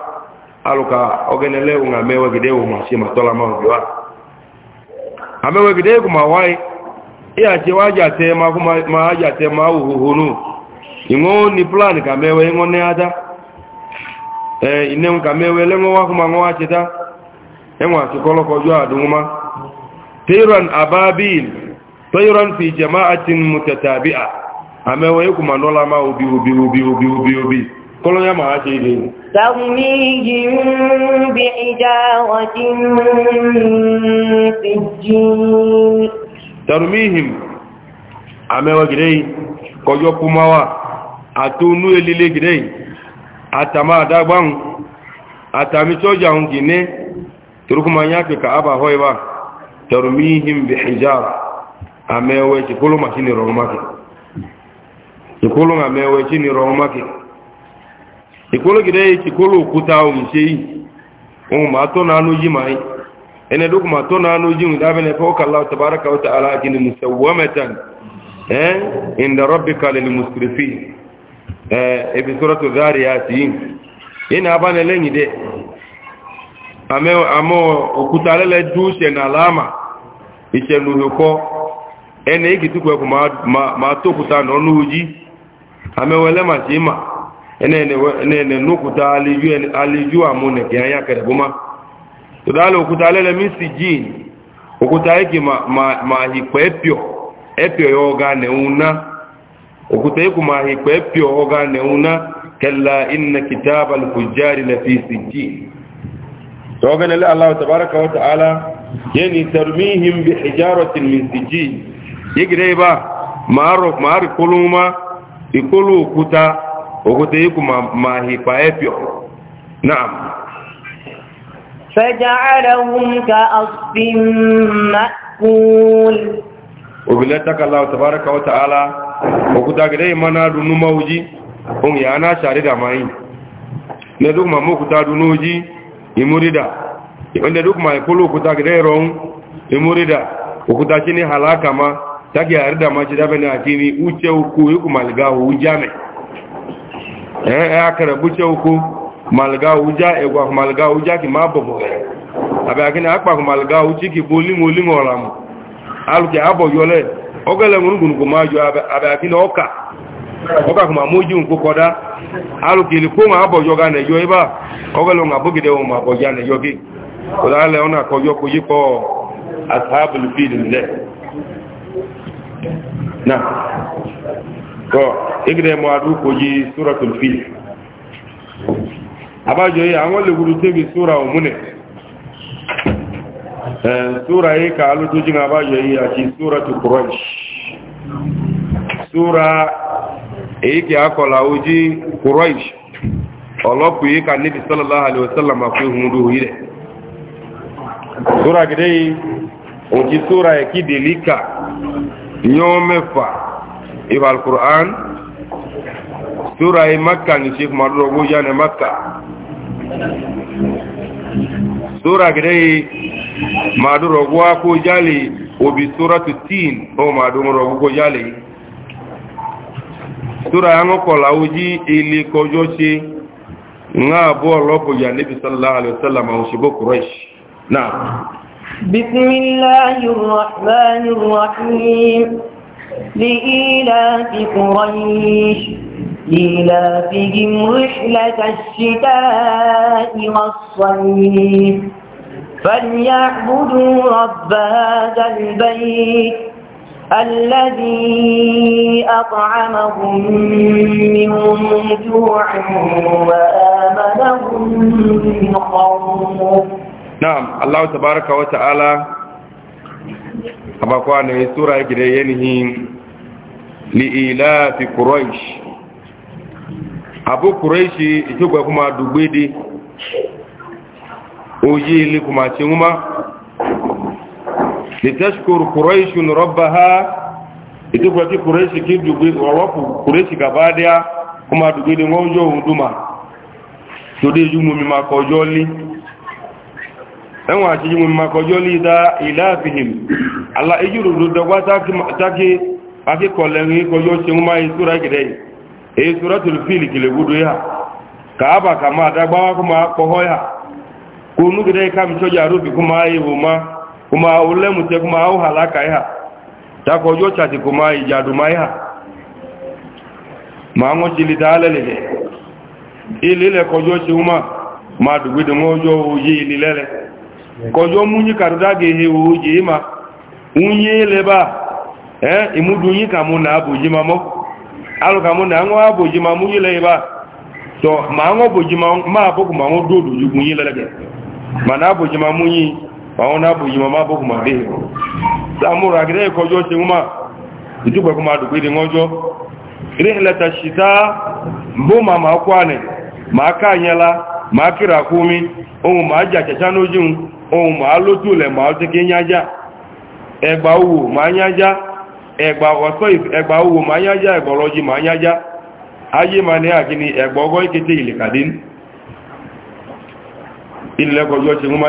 aluka ogenele unga mewe gide umachi matola ma ubiwa amewe gide kuma wai iya che waja tema kuma maja tema uhuhunu ingo ni plan ka mewe ingo ne ada eh inem ka mewe lengo wa kuma ngwa cheta enwa kikolo ko jo aduma tayran ababil tayran fi jama'atin mutatabi'a amewa yiku manola ma obi obi obi obi obi obi kolo ya ma ase ile tawmihim bi ijawatin sijjin tarmihim amewa gidei kojo kumawa atonu elile gidei atama adagban atami soja hun gine turkuma yake ka aba hoiwa tarmihim bi hijara amewe chikulu machini roho make chikulu amewe chini roho make chikulu gidei chikulu ukuta au mshei um mato na anuji mai ene duk mato na anuji ndabe ne foka Allah tabaraka wa taala akini musawwamatan eh inda rabbika lil musrifin eh ibi suratu dhariyat ina abane lenyi de àmọ́ òkúta lẹ́lẹ́ dú ṣẹ̀nà aláàmà ìṣẹ̀nù òkọ́ ẹni èkì tí kò máa tókúta nọ́nú ojí àmẹ́wọ̀ ẹlẹ́mà sí mà ẹni nókúta alẹ́jú àmúnẹ̀kẹ́ ayá kẹrẹ̀bọ́má tó dáálẹ̀ òkúta lẹ́lẹ́ mísì jíìn òkúta èkì máa hìpẹ́ ẹ̀pìọ̀ ẹ̀pìọ̀ ọgá nẹ̀úná òkúta èkì máa hìpẹ́ ẹ̀pìọ̀ ọgá nẹ̀úná kẹlá ìnnà توغن الله الله تبارك وتعالى يعني ترميهم بحجارة من سجيل يجري با معرف معرف كلما يقولوا كتا وكتيكم ما هي فايفيو نعم فجعلهم كأصف مأكول وبلتك الله تبارك وتعالى وكتا جري منا دون موجي هم يانا شارد معين ندوك ما موكتا دون موجي imurida wanda duk mai kulu kuta gidai ron imurida ukuta shi ne halaka ma ta ke yare da mace dabe ne a kini uce uku yi ku malgawo wuja mai eh, eh, ɗan ya kara buce uku malgawo wuja egwa ku malgawo wuja ki ma babu gare abe akini akpa ku malgawo wuci ki bu limo limo ramu aluke abo yole ogele ngunugun ku majo abe akini oka oka kuma ma moji alùkìlì kó ma bọ̀jọ́ ga nẹ̀yọ ibá ọgọ́lọ́ ma bógidẹ̀ wọn ma bọ̀já nẹ̀yọ gí ọ̀lálẹ̀ ọ̀nà àkọjọ́ kò yípo asáàbùlù fíìlì lẹ̀ náà kọ́ ìgbìdẹ̀ mọ́ adú kò yí súra tó fi àbájọ yìí àwọn lèwúrú tẹ́bi súra òmúnẹ̀ súra èyíkì akọ̀lá ojí kúrọ́ìṣ ọlọ́pù yìí ka níbi sallallahu alaihi wasallam fún ìhun ló yìí rẹ̀ yi yìí òkè sóra ẹ̀kí dèlíkà yọ́ mẹ́fà ìwà alukur'an sóra yìí ní sheikh maduro yá maka tura yango kola uji ili kojoshi nga bo lopo ya nabi sallallahu alaihi wasallam au shibo quraish na bismillahir rahmanir rahim لإيلاف قريش لإيلافهم رحلة الشتاء والصيف فليعبدوا رب هذا البيت الذي أطعمهم من جوع وآمنهم من خوف نعم الله تبارك وتعالى أبقوا أن سورة جريينهم لإيلاف قريش أبو قريش يتوقع كما دبيدي oyi ili kuma ce litashkuru quraishun rabbaha itukwa ti quraishi kidugwe wawaku quraishi gabadia kuma dugwe ngojo huduma tode yumu mi makojoli enwa ti yumu mi makojoli da ilafihim alla ejuru dogwa taki taki aki kolengi kojo chuma isura gidei e eh, suratul fil kile gudu ya kaaba kama dagba kuma kohoya kunu gidei kam choja rubi kuma ayi huma kuma ule mute kuma au halaka iha takojo chati kuma ijaduma iha maango chili talele ile ile kojo chiuma madugwidu ngojo uji ililele kojo munyi karudage he uji ima unyi leba eh imudunyi kamuna abuji mamo alu kamuna ango abuji mamu ile iba to maango buji mamu ma aboku mamu dudu yugunyi lelege mana abuji mamu yi àwọn náàbò yìí ma bó kùmà ma sàmúrà gẹ́gẹ́ ìkọjọ́ ṣe wọ́n máa ìtúgbẹ̀ kùmà dùgbé ụmụ ọjọ́ rí ìlẹ̀ta ṣìta bó ma ma kó ànẹ̀ ma káàyẹla ma kíra kúmi ohun ma jà kẹta lójúun ohun ma lótú lẹ̀ ma ma yájá ma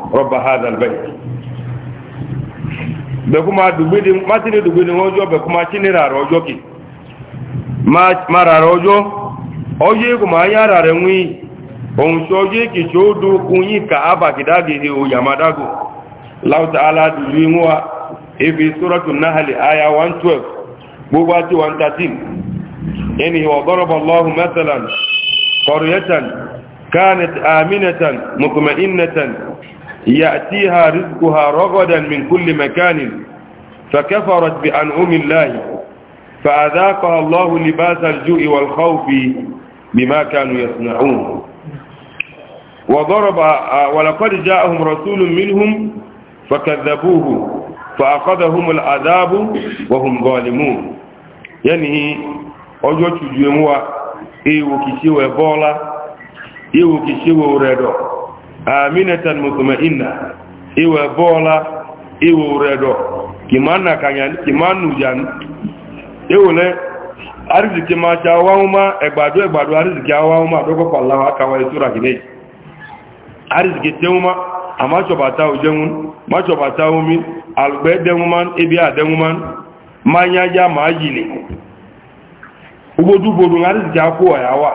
rọ́bà hàdà bẹ́ẹ̀ bẹ̀kú máa dùgbìdì má ti ní dùgbìdì wọn ọjọ́ bẹ̀kú máa kíní rà rọ ọjọ́ kì má rà rọ ọjọ́ ọjọ́ èkó máa yá rà rẹ̀ wí o ṣe ọjọ́ èkì tí ó dún kun yìí ká ábàkìdágìdì òyàmádágò láwùtà wa ebi sórọ́tù Aya àyà 112 gbogbo àti يأتيها رزقها رغدا من كل مكان فكفرت بأنعم الله فأذاقها الله لباس الجوء والخوف بما كانوا يصنعون وضرب ولقد جاءهم رسول منهم فكذبوه فأخذهم العذاب وهم ظالمون يعني أجو تجيموا إيو كيشيو إبولا إيو كيشيو ريدو aminatan mutma'inna iwe bola iwe uredo kimana kanyan kimanu jan ewole arziki ma cha wauma egbadu egbadu arziki awauma dogo pallawa kawa itura gine arziki teuma ama chobata ujenun ma chobata umi albe denguman ibi adenguman manya ya majile ubodu bodu arziki akwa yawa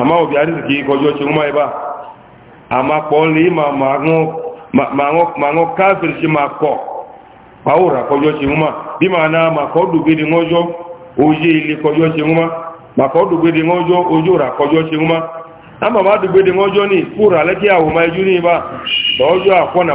àmá òbí àríṣìkí kọjọ́ ṣe mọ́ ẹbá àmá pọ̀ lè ma wọ́n káàfìrì sí ma kọ̀ pàwòrà kọjọ́ ṣe mọ́ bí ma náà ma kọ́ dùgbèrè ọjọ́ oyé ilé kọjọ́ ṣe mọ́ ma kọ́ dùgbèrè ọjọ́ ojú rà kọjọ́ ṣe mọ́ àmà má dùgbèrè ọjọ́ ní kúrà lẹ́kí àwọ̀ ma ẹjú ní ibà lọ́jọ́ àkọ́nà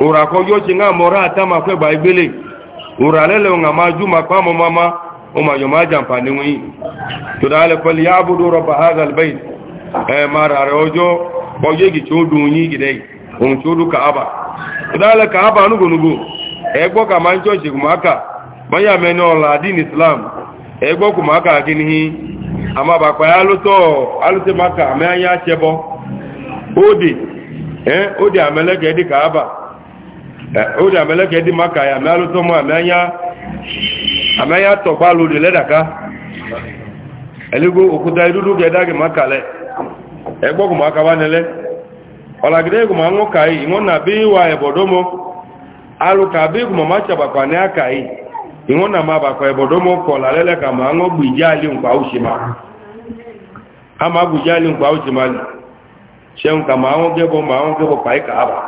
ụra ka oge oche nga mụrụ ata ma kwegba igbele ụra lele nga ma ju ma kpa mụmama ụmayoma jampa ni nwi tudale fali ya abudu rabba hadha albayt e marare ojo oje gi chodu nyi gide on chodu ka aba tudale ka aba nugo nugo e, egbo ka man choche kumaka manya meno la din islam egbo kumaka kinihi ama ba pa aluto alute maka me anya chebo odi eh odi amelege di ka aba ó dà mẹ́lẹ́kẹ́ ka máa kàyà mẹ́ alótọ́mọ́ àmẹ́yà tọ̀gbá lórí lẹ́dàká ẹ̀lẹ́gbó òkúta ìdúdú gẹ̀ẹ́dàgì máa kàlẹ̀ ẹgbọ́gù máa kàwá nílẹ̀ ọ̀làgídẹ́gù máa ń kàí ka nà bí wà bụ alùkà na gùn máa ebodo ní àkàí ìwọ́n ka máa bàpà ẹ̀bọ̀dọ́mọ́ kọ̀ lálẹ́lẹ́kà máa ń gbù ìjà ilé nǹkan àwòṣìmá ali máa gbù ma ilé ma àwòṣìmá ṣẹun bụ ma bụ ka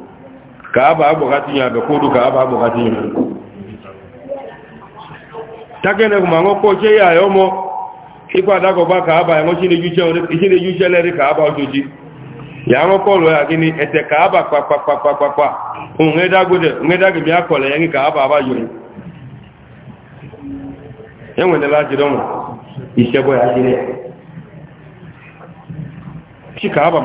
kaaba abogati nya be kodu kaaba abogati nya takene kuma ngoko che ya yomo ipa da ko ba kaaba ya ngochi ne juche ne ichi ne juche le ya ngoko lo ya ete kaaba da ya kaaba ba yuri enwe ne la jidomo isebo ya jire chi kaaba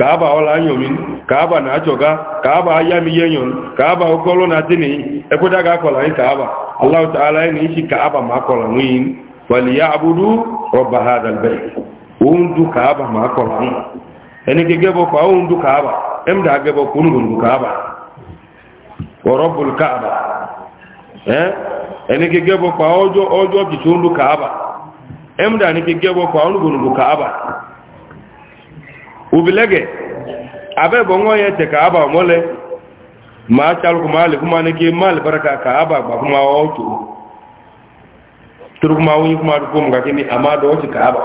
kaaba ọla nyomi kaaba na achọga kaaba ayami yenyon kaaba okolo na tini ekweda ga akọla anyị kaaba allahu ta'ala ni isi kaaba ma akọla nwunyi wali ya abudu rọba ha dalbe ohun kaaba ma akọla nwunyi ẹni gebo kwa ohun du kaaba ẹm da gẹbọ kunu gungu kaaba ọrọbul kaaba ẹni eh? gẹgẹ bọ kwa ọjọ ọjọ kìtì kaaba ẹm da ni gẹgẹ kwa ohun gungu kaaba ubilege abe bongo ye te kaaba mole ma chalu kuma le kuma ne ke mal baraka kaaba ba kuma tu, turu kuma wuni kuma du kuma ga kini amma do ci kaaba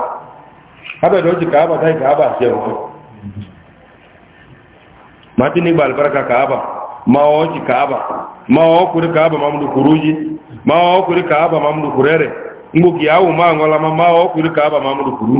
abe do ci kaaba kai kaaba se o matini bal baraka kaaba ma ochi kaaba ma o okuri kaaba mamdu kuruji ma o okuri kaaba mamdu kurere nguki yawo ma ngola ma ma okuri kaaba mamdu kuru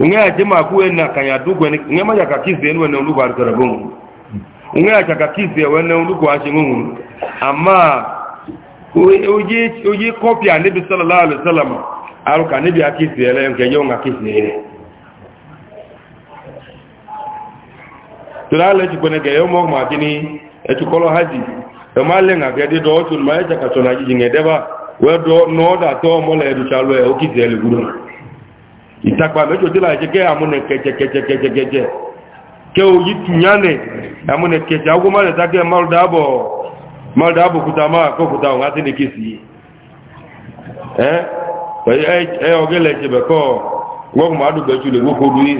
nge a jema kuwe na kanya dugwe nge maja ka kizi nwere na ulugu alikara gungu nge ya chaka kizi nwere na ulugu ashi gungu ama uji kopi a nabi sallallahu alaihi wasallam aluka nabi akizi ele nke ya kizi ele tulale jikwene ge ma kini etukolo haji emale nga gede do otu ma eja ka tona jiji ngedeba wedo no da to ele gudu ìtakpa mẹ́jọ dé láti kẹ́ àmúnẹ̀ kẹjẹkẹjẹkẹjẹkẹjẹ kẹ́ òyí tùnyánẹ̀ àmúnẹ̀ kẹjẹ agúnmọ́lẹ̀ tákẹ́ mọ́lùdáàbò kúta máa kọkùta òun àti ní kìsì ẹ ọgẹ́lẹ̀ ṣe bẹ̀kọ́ gbọ́gbùn adùgbẹ̀jú lè gbókò lórí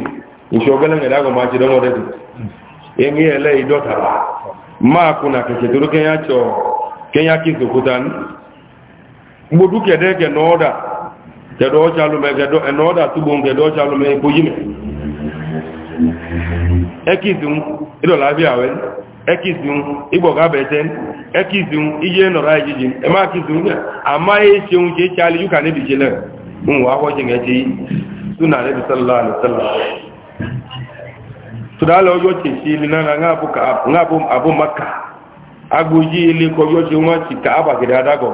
ìṣẹ́ kẹdọ ọjà lọmọ ẹgẹdọ ẹnà ọdà túbọ ngẹdọ ọjà lọmọ ẹgbó yìí mẹ ẹkìsì ń ìdọ̀lá bí àwẹ ẹkìsì ń ìgbọ̀gá bẹ̀tẹ ẹkìsì ń iye nọ̀rọ̀ ẹjìjì ẹ má kìsì ń àmá ẹ ṣeun ṣe ṣe alẹ́ yúkà níbi ṣe lẹ̀ ń wà wọ́jì ẹ̀ ṣe súnà maka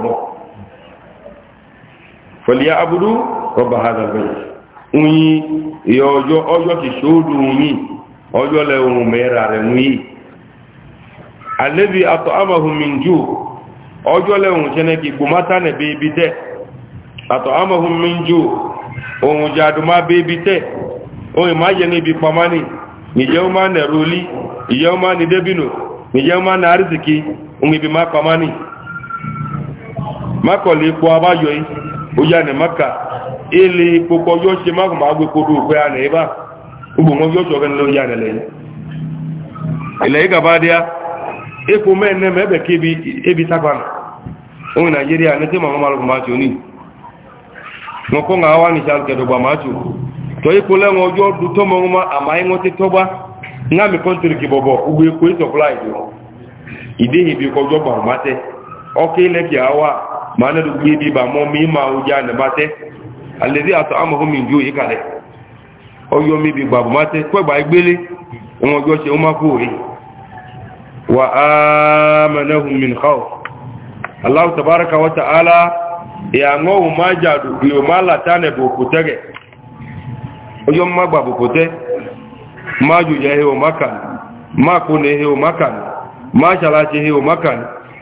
fọlíyà abudu rọba hada iye ọjọ ọjọ ti sóòdù nyi ọjọ lẹ ohun mẹra rẹ nyi alebi atọ amahu minju ọjọ lẹ ohun tiẹnẹ kí gbomata tẹ atọ amahu minju ohun ohun ìmá yẹn níbi pamani nìjẹ́ ma nẹ rọlí ìyẹ́ ohun ìbí oya ne maka ele kpokpɔ yɔ tse ma kuma agbe kpo do o koya ne eba gbogbo ŋɔ yɔ tsɔ na ya le oya ne ya yi ele dia ebe ke ebi ebi sakpa na o ŋun nigeria ne ma kuma ni ŋɔ kɔ ŋa wa ni sa kɛ do gba ma tso tɔ eko lɛ ŋɔ ama yi ŋɔ te tɔ mi kɔntiri ki bɔbɔ ugbe do bi kɔ yɔ gba ma tɛ ɔke lɛ kia mana duk yi bi ba mo mi ma o ja ne bate alezi ato amoho mi ju yi kale oyo mi bi gbabu mate kwe gba igbele won wa amanahum min khawf allah wa ta'ala ya ngo ma ja du bi o ma bo ku tege ma gba ku te ma ju je he o makan ma ku ne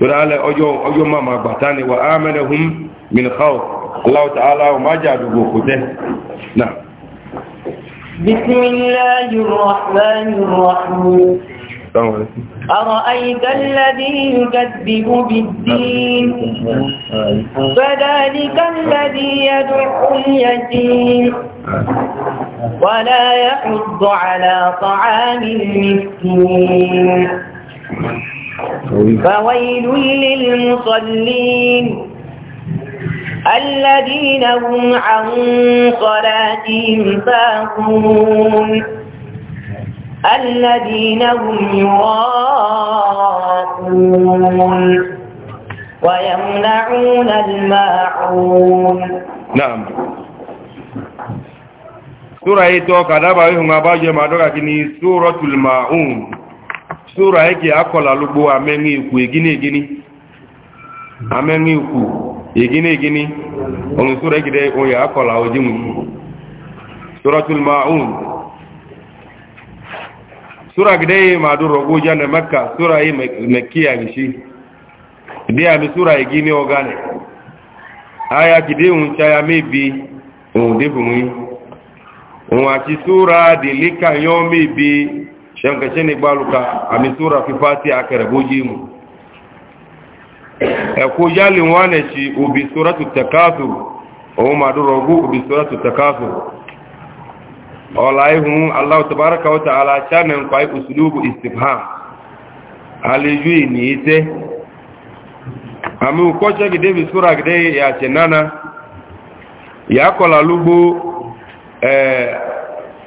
ورالا اوجو اوجو ماما باتاني وامنهم من خوف الله تعالى وما جاء بوخته نعم بسم الله الرحمن الرحيم أرأيت الذي يكذب بالدين فذلك الذي يدعو اليتيم ولا يحض على طعام المسكين فويل للمصلين الذين هم عن صلاتهم ساهون الذين هم يراءون ويمنعون الماعون نعم سورة ايتو كذا بايهم اباجي ما دوكا كني سورة الماعون sura yake akọla lugbo amenwe ikwu egini egini amenwe ikwu egini egini onu sura gide oye akọla ojimu suratul maun sura gide ma duro goja na makka sura yi makkiya gishi dia mi sura egini ogane aya gide nwuncha ya mebi un debu mi un ati sura dilika yo mebi yanka shi ne baluka a misura fi fati a karabo jimu ẹ̀kú yálin wane ci obi suratu takasur ohun madurogbo obi suratu takasur ọ̀la ihun aláwọ̀ tabaraka wata aláṣà mẹ́ nkwa ìkùsùlùkù istifham aliju ni ite àmì òkọ́ṣẹ́ gidé bí súra gidé yàṣẹ̀ nánà yàkọ̀lá lúgbó ẹ̀ẹ́ eh,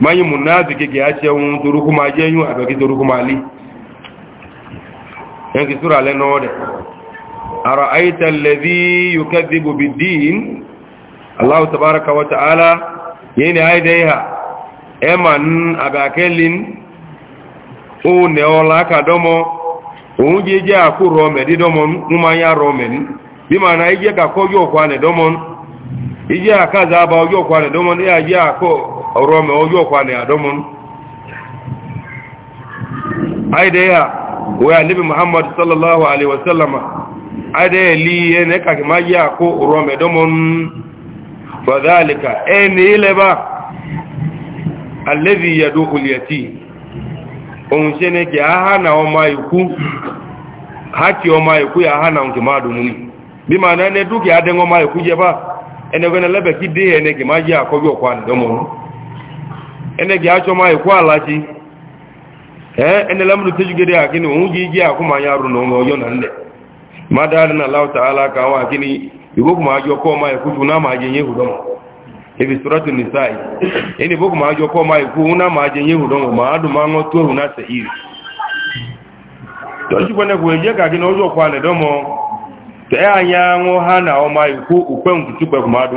manyi munafiki ke ace un turuku ma je yun abeki turuku ma li yanki sura le no de ara'aita alladhi yukadhibu bid-din Allah tabaaraka wa ta'ala yene aidaiha eman abakelin o ne ola ka domo o je je akuro me di domo numa ya ro me ni bi ma ije ka ko yo kwa ne domo ije akaza ba yo kwa ne domo ya je ọ̀rọ̀ mẹ́ ọjọ́ ọ̀kwà ní àdọ́mọ́n aidaya wẹ́ àníbi muhammad sallallahu alaihi wasallama aidaya lè ẹni kàkì máa yí àkó ọ̀rọ̀ mẹ́ dọ́mọ́n fọ́dálìkà ẹni ilẹ̀bá alẹ́bí yàdó olùyẹ̀tì ohun ṣe ní kí a hánà ọmọ ikú hátì ọmọ ikú ya hánà òkè máa dùn ní bí ma ẹni dúkìá dẹ́ kí dé ẹni kì máa yí àkọ́jọ́ ọ̀kwà nìdọ́mọ́n ene gi acho ma ikwa alaji m eh, ene ya tejugede a ungi gi akuma nyaru no ngoyo na nde madar na allah ta'ala ka wa akini yugo kuma ajo ko ma ikutu na ma jenye hudomo ibi suratu nisa'i ene ma ajo ko ma iku na ma jenye hudomo ma adu ma ngo to una se iri to jibone ku enye ka m ojo kwa ne domo te anya ngo hana o ma iku ukwe nkutukwe kuma adu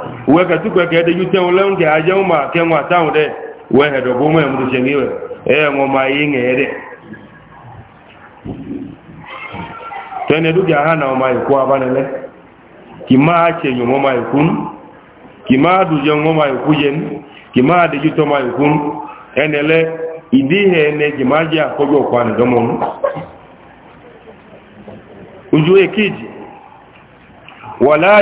uwe ka tukwe ka ede yute ule nke aje uma ke nwa tawo de we he do bume mdu chengiwe e ngo ma yinge ede tene duki ahana o mai kwa banele kima ache nyomo mai kun kima du je ngo mai kujen kima de yuto mai kun enele idihe ene jimaji akojo kwa ni domon ujue kiji wala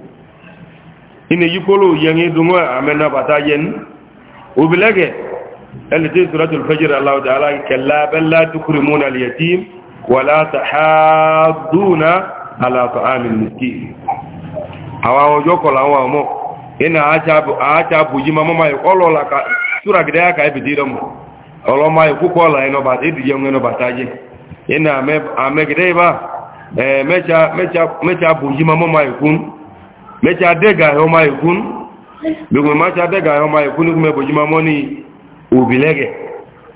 ina yikolo yangi dunga amena bata yen ubilege التي سورة الفجر الله تعالى كلا بل لا تكرمون اليتيم ولا تحاضون على طعام المسكين àwọn ọjọ́ kọ̀ láwọn ọmọ iná àájábù yí ma mọ́má ikọ́ lọ́la ka ṣúra gidẹ́ aka ibìdí rẹ̀ mọ̀ ọlọ́má ikú kọ́ ọ̀la ẹnọba ìdíje ohun ẹnọba tájẹ́ iná àmẹ́gidẹ́ ibá mẹ́ta bù yí ma mọ́má ikú mecha adega ọma ikun bigwe macha adega ọma ikun ni kumebo jima moni ubilege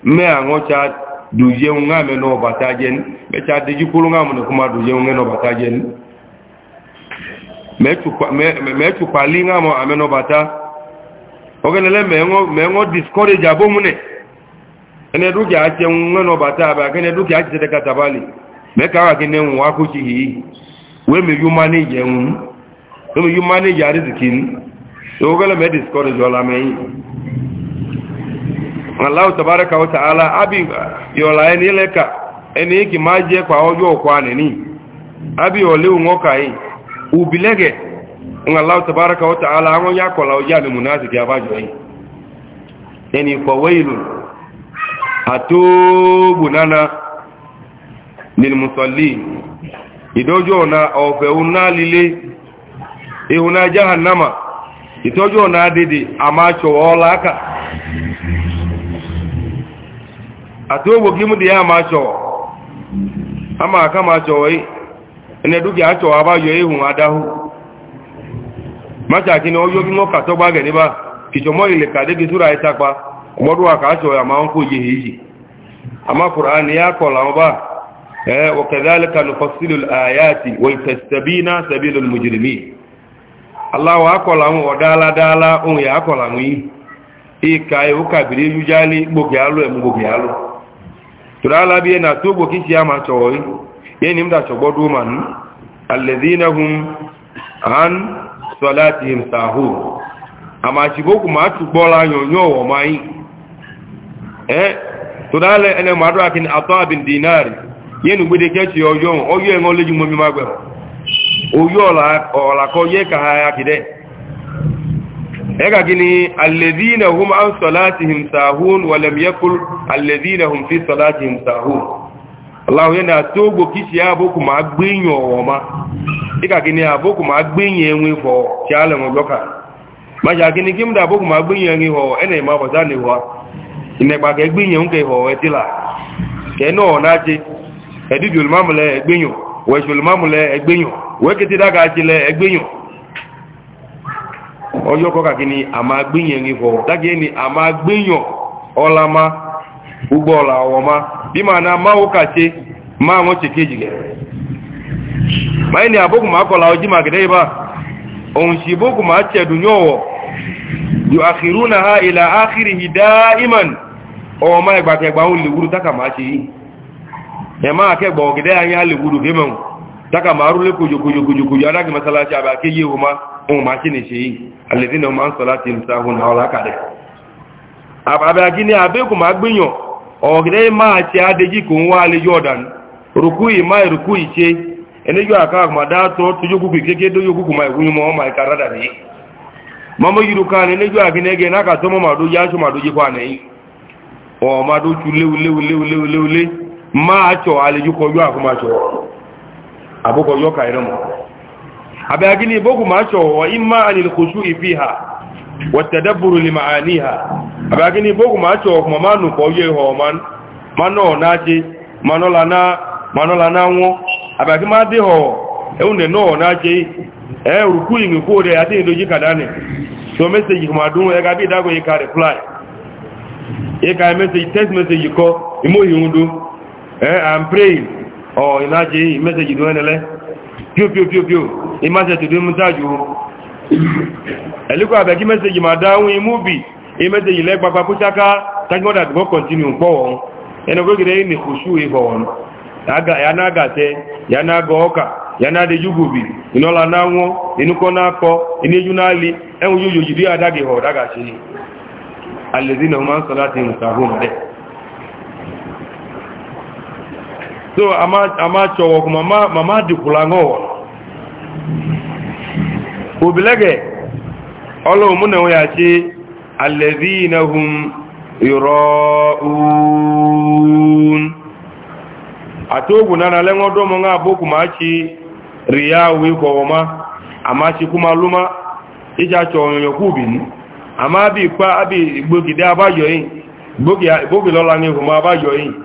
mme angocha duje unga me no batajen mecha adiji kulu nga mun kuma duje unga no batajen mechu me mechu pali nga mo ameno bata ogenele mengo mengo discourage abo mune ene duki ache unga no bata ba kene duki ache tete katabali meka wa kene unwa kuchi hii we me yumani je unu lómi yóò manage àrísìkì ní ṣògbọ́n mẹ́ discourage ọ̀la mẹ́yìn aláwọ̀ tàbárakà wọ́ta alá ábí yọ̀la ẹni lẹ́ka ẹni máa jẹ́ pa ọjọ́ ọkà yìí aláwọ̀ àwọn ọjọ́ àmì abájọ yìí ẹni ìlú ìdọ́jọ́ ọ̀nà ọ̀fẹ́ ihuna jahannama itoju ona adidi amacho olaka atobo gimudi ya macho ama aka macho wai ene duki acho abayo ihun adahu macha kini oyo bi moka to gba gani ba kichomo ile kadege sura itapa modu aka acho ya ma onko ye hiji ama qur'ani ya ko la ba eh wa kadhalika nufassilu al-ayati wa tastabina sabilul mujrimin aláwọ̀ akọ̀lá ń ọ̀dáálá dáálá ohun ya akọ̀lá ń yìí ìka ìwó kàbìrí yújá ní gbogbo àlò ẹ̀mú gbogbo àlò tòrọ alábí ẹ̀nà tó gbò kí sí a máa sọ̀rọ̀ yìí yẹ́ ni mdà ma ní alẹ́dínahun an sọ́láti ìmsàhù àmà máa túgbọ́lá yọ̀nyọ́ ọ̀wọ̀ oyi ọ̀làkọ́ yẹ ka ha ya kìdẹ́ ẹgà gini alẹ́dínà hum an salatihim sahun walam yakul alẹ́dínà hum fi salatihim sahun aláwọ̀ yẹn e na tó gbò kí ṣe àbókù máa gbẹ̀yìn ọ̀wọ̀ ma ẹgà gini àbókù máa gbẹ̀yìn ẹwìn fọ̀ ṣe alẹ́ wọn lọ́kà ma ṣe àgini kí mú àbókù máa gbẹ̀yìn ẹwìn fọ̀ ẹnà ìmọ̀ àbọ̀sá ni wẹ́kẹ̀tẹ̀ dága àjílẹ̀ ẹgbẹ́yàn ọjọ́ kọ́kà kí ni a máa gbẹ́yàn ní fọ́ dágé ni a máa gbẹ́yàn ọlá ma ugbọ́ ọlá ọwọ́ ma bí ma na máa ó kàṣe máa wọ́n ṣe kéjì lẹ̀ máa ní àbókù máa kọ́la ọjí máa gẹ̀dẹ́ ibá òun sì bókù máa tẹ̀dù yọ̀wọ̀ yóò àkìrú na ha ìlà ákìrì ìdá ìmàn ọwọ́ máa ẹgbàtẹ̀gbà ó lè wúrú tákà máa ṣe yìí ẹ̀ máa kẹ́gbà ọ̀gẹ̀dẹ́ ayé á lè wúrú gẹ́mẹ̀hùn taka maru e e e le kojo kojo kojo kojo adagi masalaci aba ke yi huma ohun ma ṣe ne ṣe yi alẹ́dí na ma ń sọlá ti nta hun àwọn alákàdẹ̀ àbàbàkí ní abẹ́kùn ma gbìyàn ọ̀gẹ́dẹ́ máa ṣe adéjì kò ń wá alẹ́jọ́ ọ̀dàn rùkú ìmá ìrùkú ìṣe ẹnẹ́jọ́ àkàkùnmọ̀dá tó tójú kúkú kéké dójú kúkú ma ìwúyún mọ́ ọmọ ìka rádà rèé mọ́mọ́ yìí rúkà ní ẹnẹ́jọ́ àkínẹ́gẹ́ náà kàtọ́ mọ́ màdó yáṣọ́ màdó yípo ànẹ́yìn ọ̀ màdó tu léwu léwu léwu léwu léwu lé máa tọ̀ alẹ́jọ́ kọjú àkọ́màṣọ́ aboko yoka iramo abagini boku macho wa imma anil khushu'i fiha wa tadabburu li ma'aniha abagini boku macho kuma manu ko ye ho man mano naji mano lana mano lana wo abagi ma de ho e unde no naji e eh, ruku ingi ko de ati doji kadane so message kuma dun e ga bi dago e ka reply e ka message text imo yundu eh i'm praying ọ̀ ìnájẹ́ yìí mẹ́sẹ̀jì tó ẹnẹlẹ́ píòpíòpíò ìmáṣẹ́ tó dé mú tájú ẹ̀lẹ́kọ̀ àbẹ̀kí mẹ́sẹ̀jì máa dáhùn imú bì i mẹ́sẹ̀jì lẹ́gbàgbà kó ṣáká tágbọ́dà tó kọ̀ntínú pọ̀ wọn na wọ́n so ama ama chowo kuma ma mama di kulango ubilege olo mune wo yachi alladhina hum yuraun atogu nana lengo do mo ngabo kuma chi riya wi ko ma ama chi kuma luma ija chowo yo kubi ni ama bi kwa abi gbogide abajoyin gbogi gbogi lola ni kuma abajoyin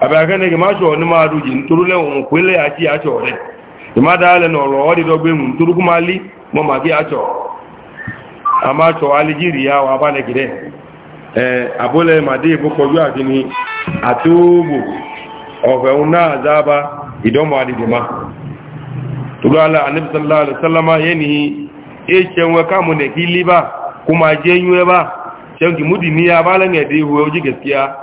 abịaka ke gị ma chọọ ndị mmadụ ji ntụrụle nkwele ya chi ya chọọ dị ịmadụ ala na ọrụ ọdịdọ gbe nwu ntụrụkwu m ali mọ ma gị achọ ama chọọ ya wa abana gide ee abụle ma dị bụ kpọjụ agịnị atụgbu ọhụụ na-aza aba ma tụrụ ala ya na ba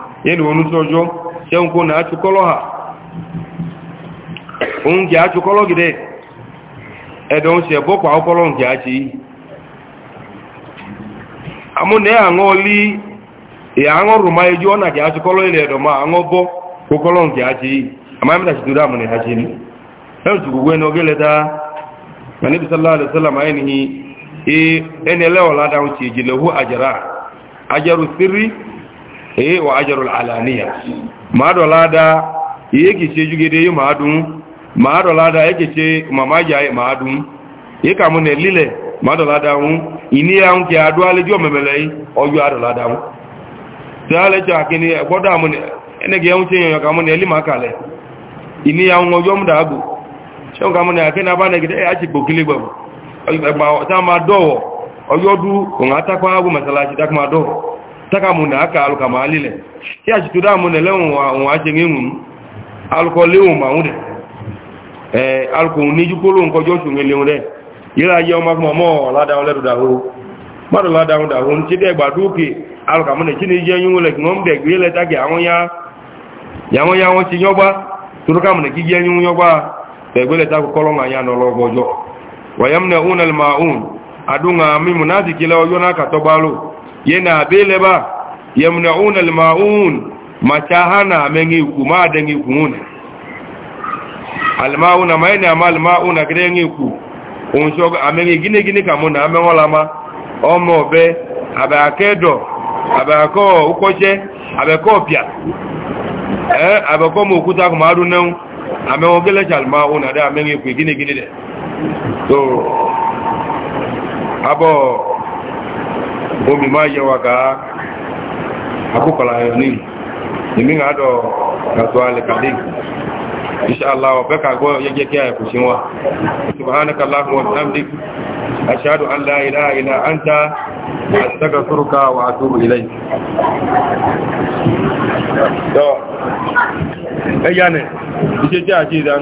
ye wọn tí ọjọ́ ṣẹun kó na atukọ́lọ́ ha òun kì atukọ́lọ́ gidẹ ẹ̀dọ̀ ṣe bọ́pọ̀ akọ́lọ́ nkì àti amúnẹ́ àwọn lí ìyàwó e rùmá ẹjọ́ e ọ̀nà kì atukọ́lọ́ ilẹ̀ ẹ̀dọ̀ ma àwọn bọ́ kókọ́lọ́ àti ti àti ẹ̀rù gbogbo ẹni ọgẹ́ lẹ́ta ẹni ti ìjìnlẹ̀ ee wa ajarul alaniya ma do lada yake ce jugede yi ma dun ma do lada mama ma dun ka mun lile ma do lada hun ini ya hun ki adu ale jo memele oju adu lada hun dale ja kini gbodo amun ene ge hun yan ka kale ini ya mu da se ka ba na gide e achi gbokile gbo ma ta ma do du ma do taka mu na aka aluka ma alile ya ji tuda mu ne lewon wa wa je ngemu aluko lewon ma unde eh aluko ni ju kolo nko jo tun lewon de ira ye o ma ko mo la da ole da ho ma nti de gba duki aluka mu ne chini je yun le ngom de le tage awon ya ya won ya won ti yogba ki je yun de gbe le ta ko kolo ya no lo gojo wa yamnauna maun adunga mi munaziki lawo yona ka yana abele ba yamna'un al-ma'un matahana mengi kuma dangi kununa al-ma'una maina ma al-ma'una grengi ku onso amengi gine gine kamuna amengola ma omo be abakedo abako ukoje abekopia eh abako mu kuta kuma arunan amengo gele al-ma'una da amengi ku gine gine de so abo omi máa yẹ wa gáá akókòlá ayọ̀ ní ìmí ń àádọ́ gàtọ́ alẹ́ kàdé inṣàlá ọ̀fẹ́ kàgbọ́ yẹjẹ́ kí àyẹ̀kù sí wọn subhanaka allahumma wa bihamdik ashhadu an la ilaha illa anta astaghfiruka wa atubu ilayk to eyane ise ti ajidan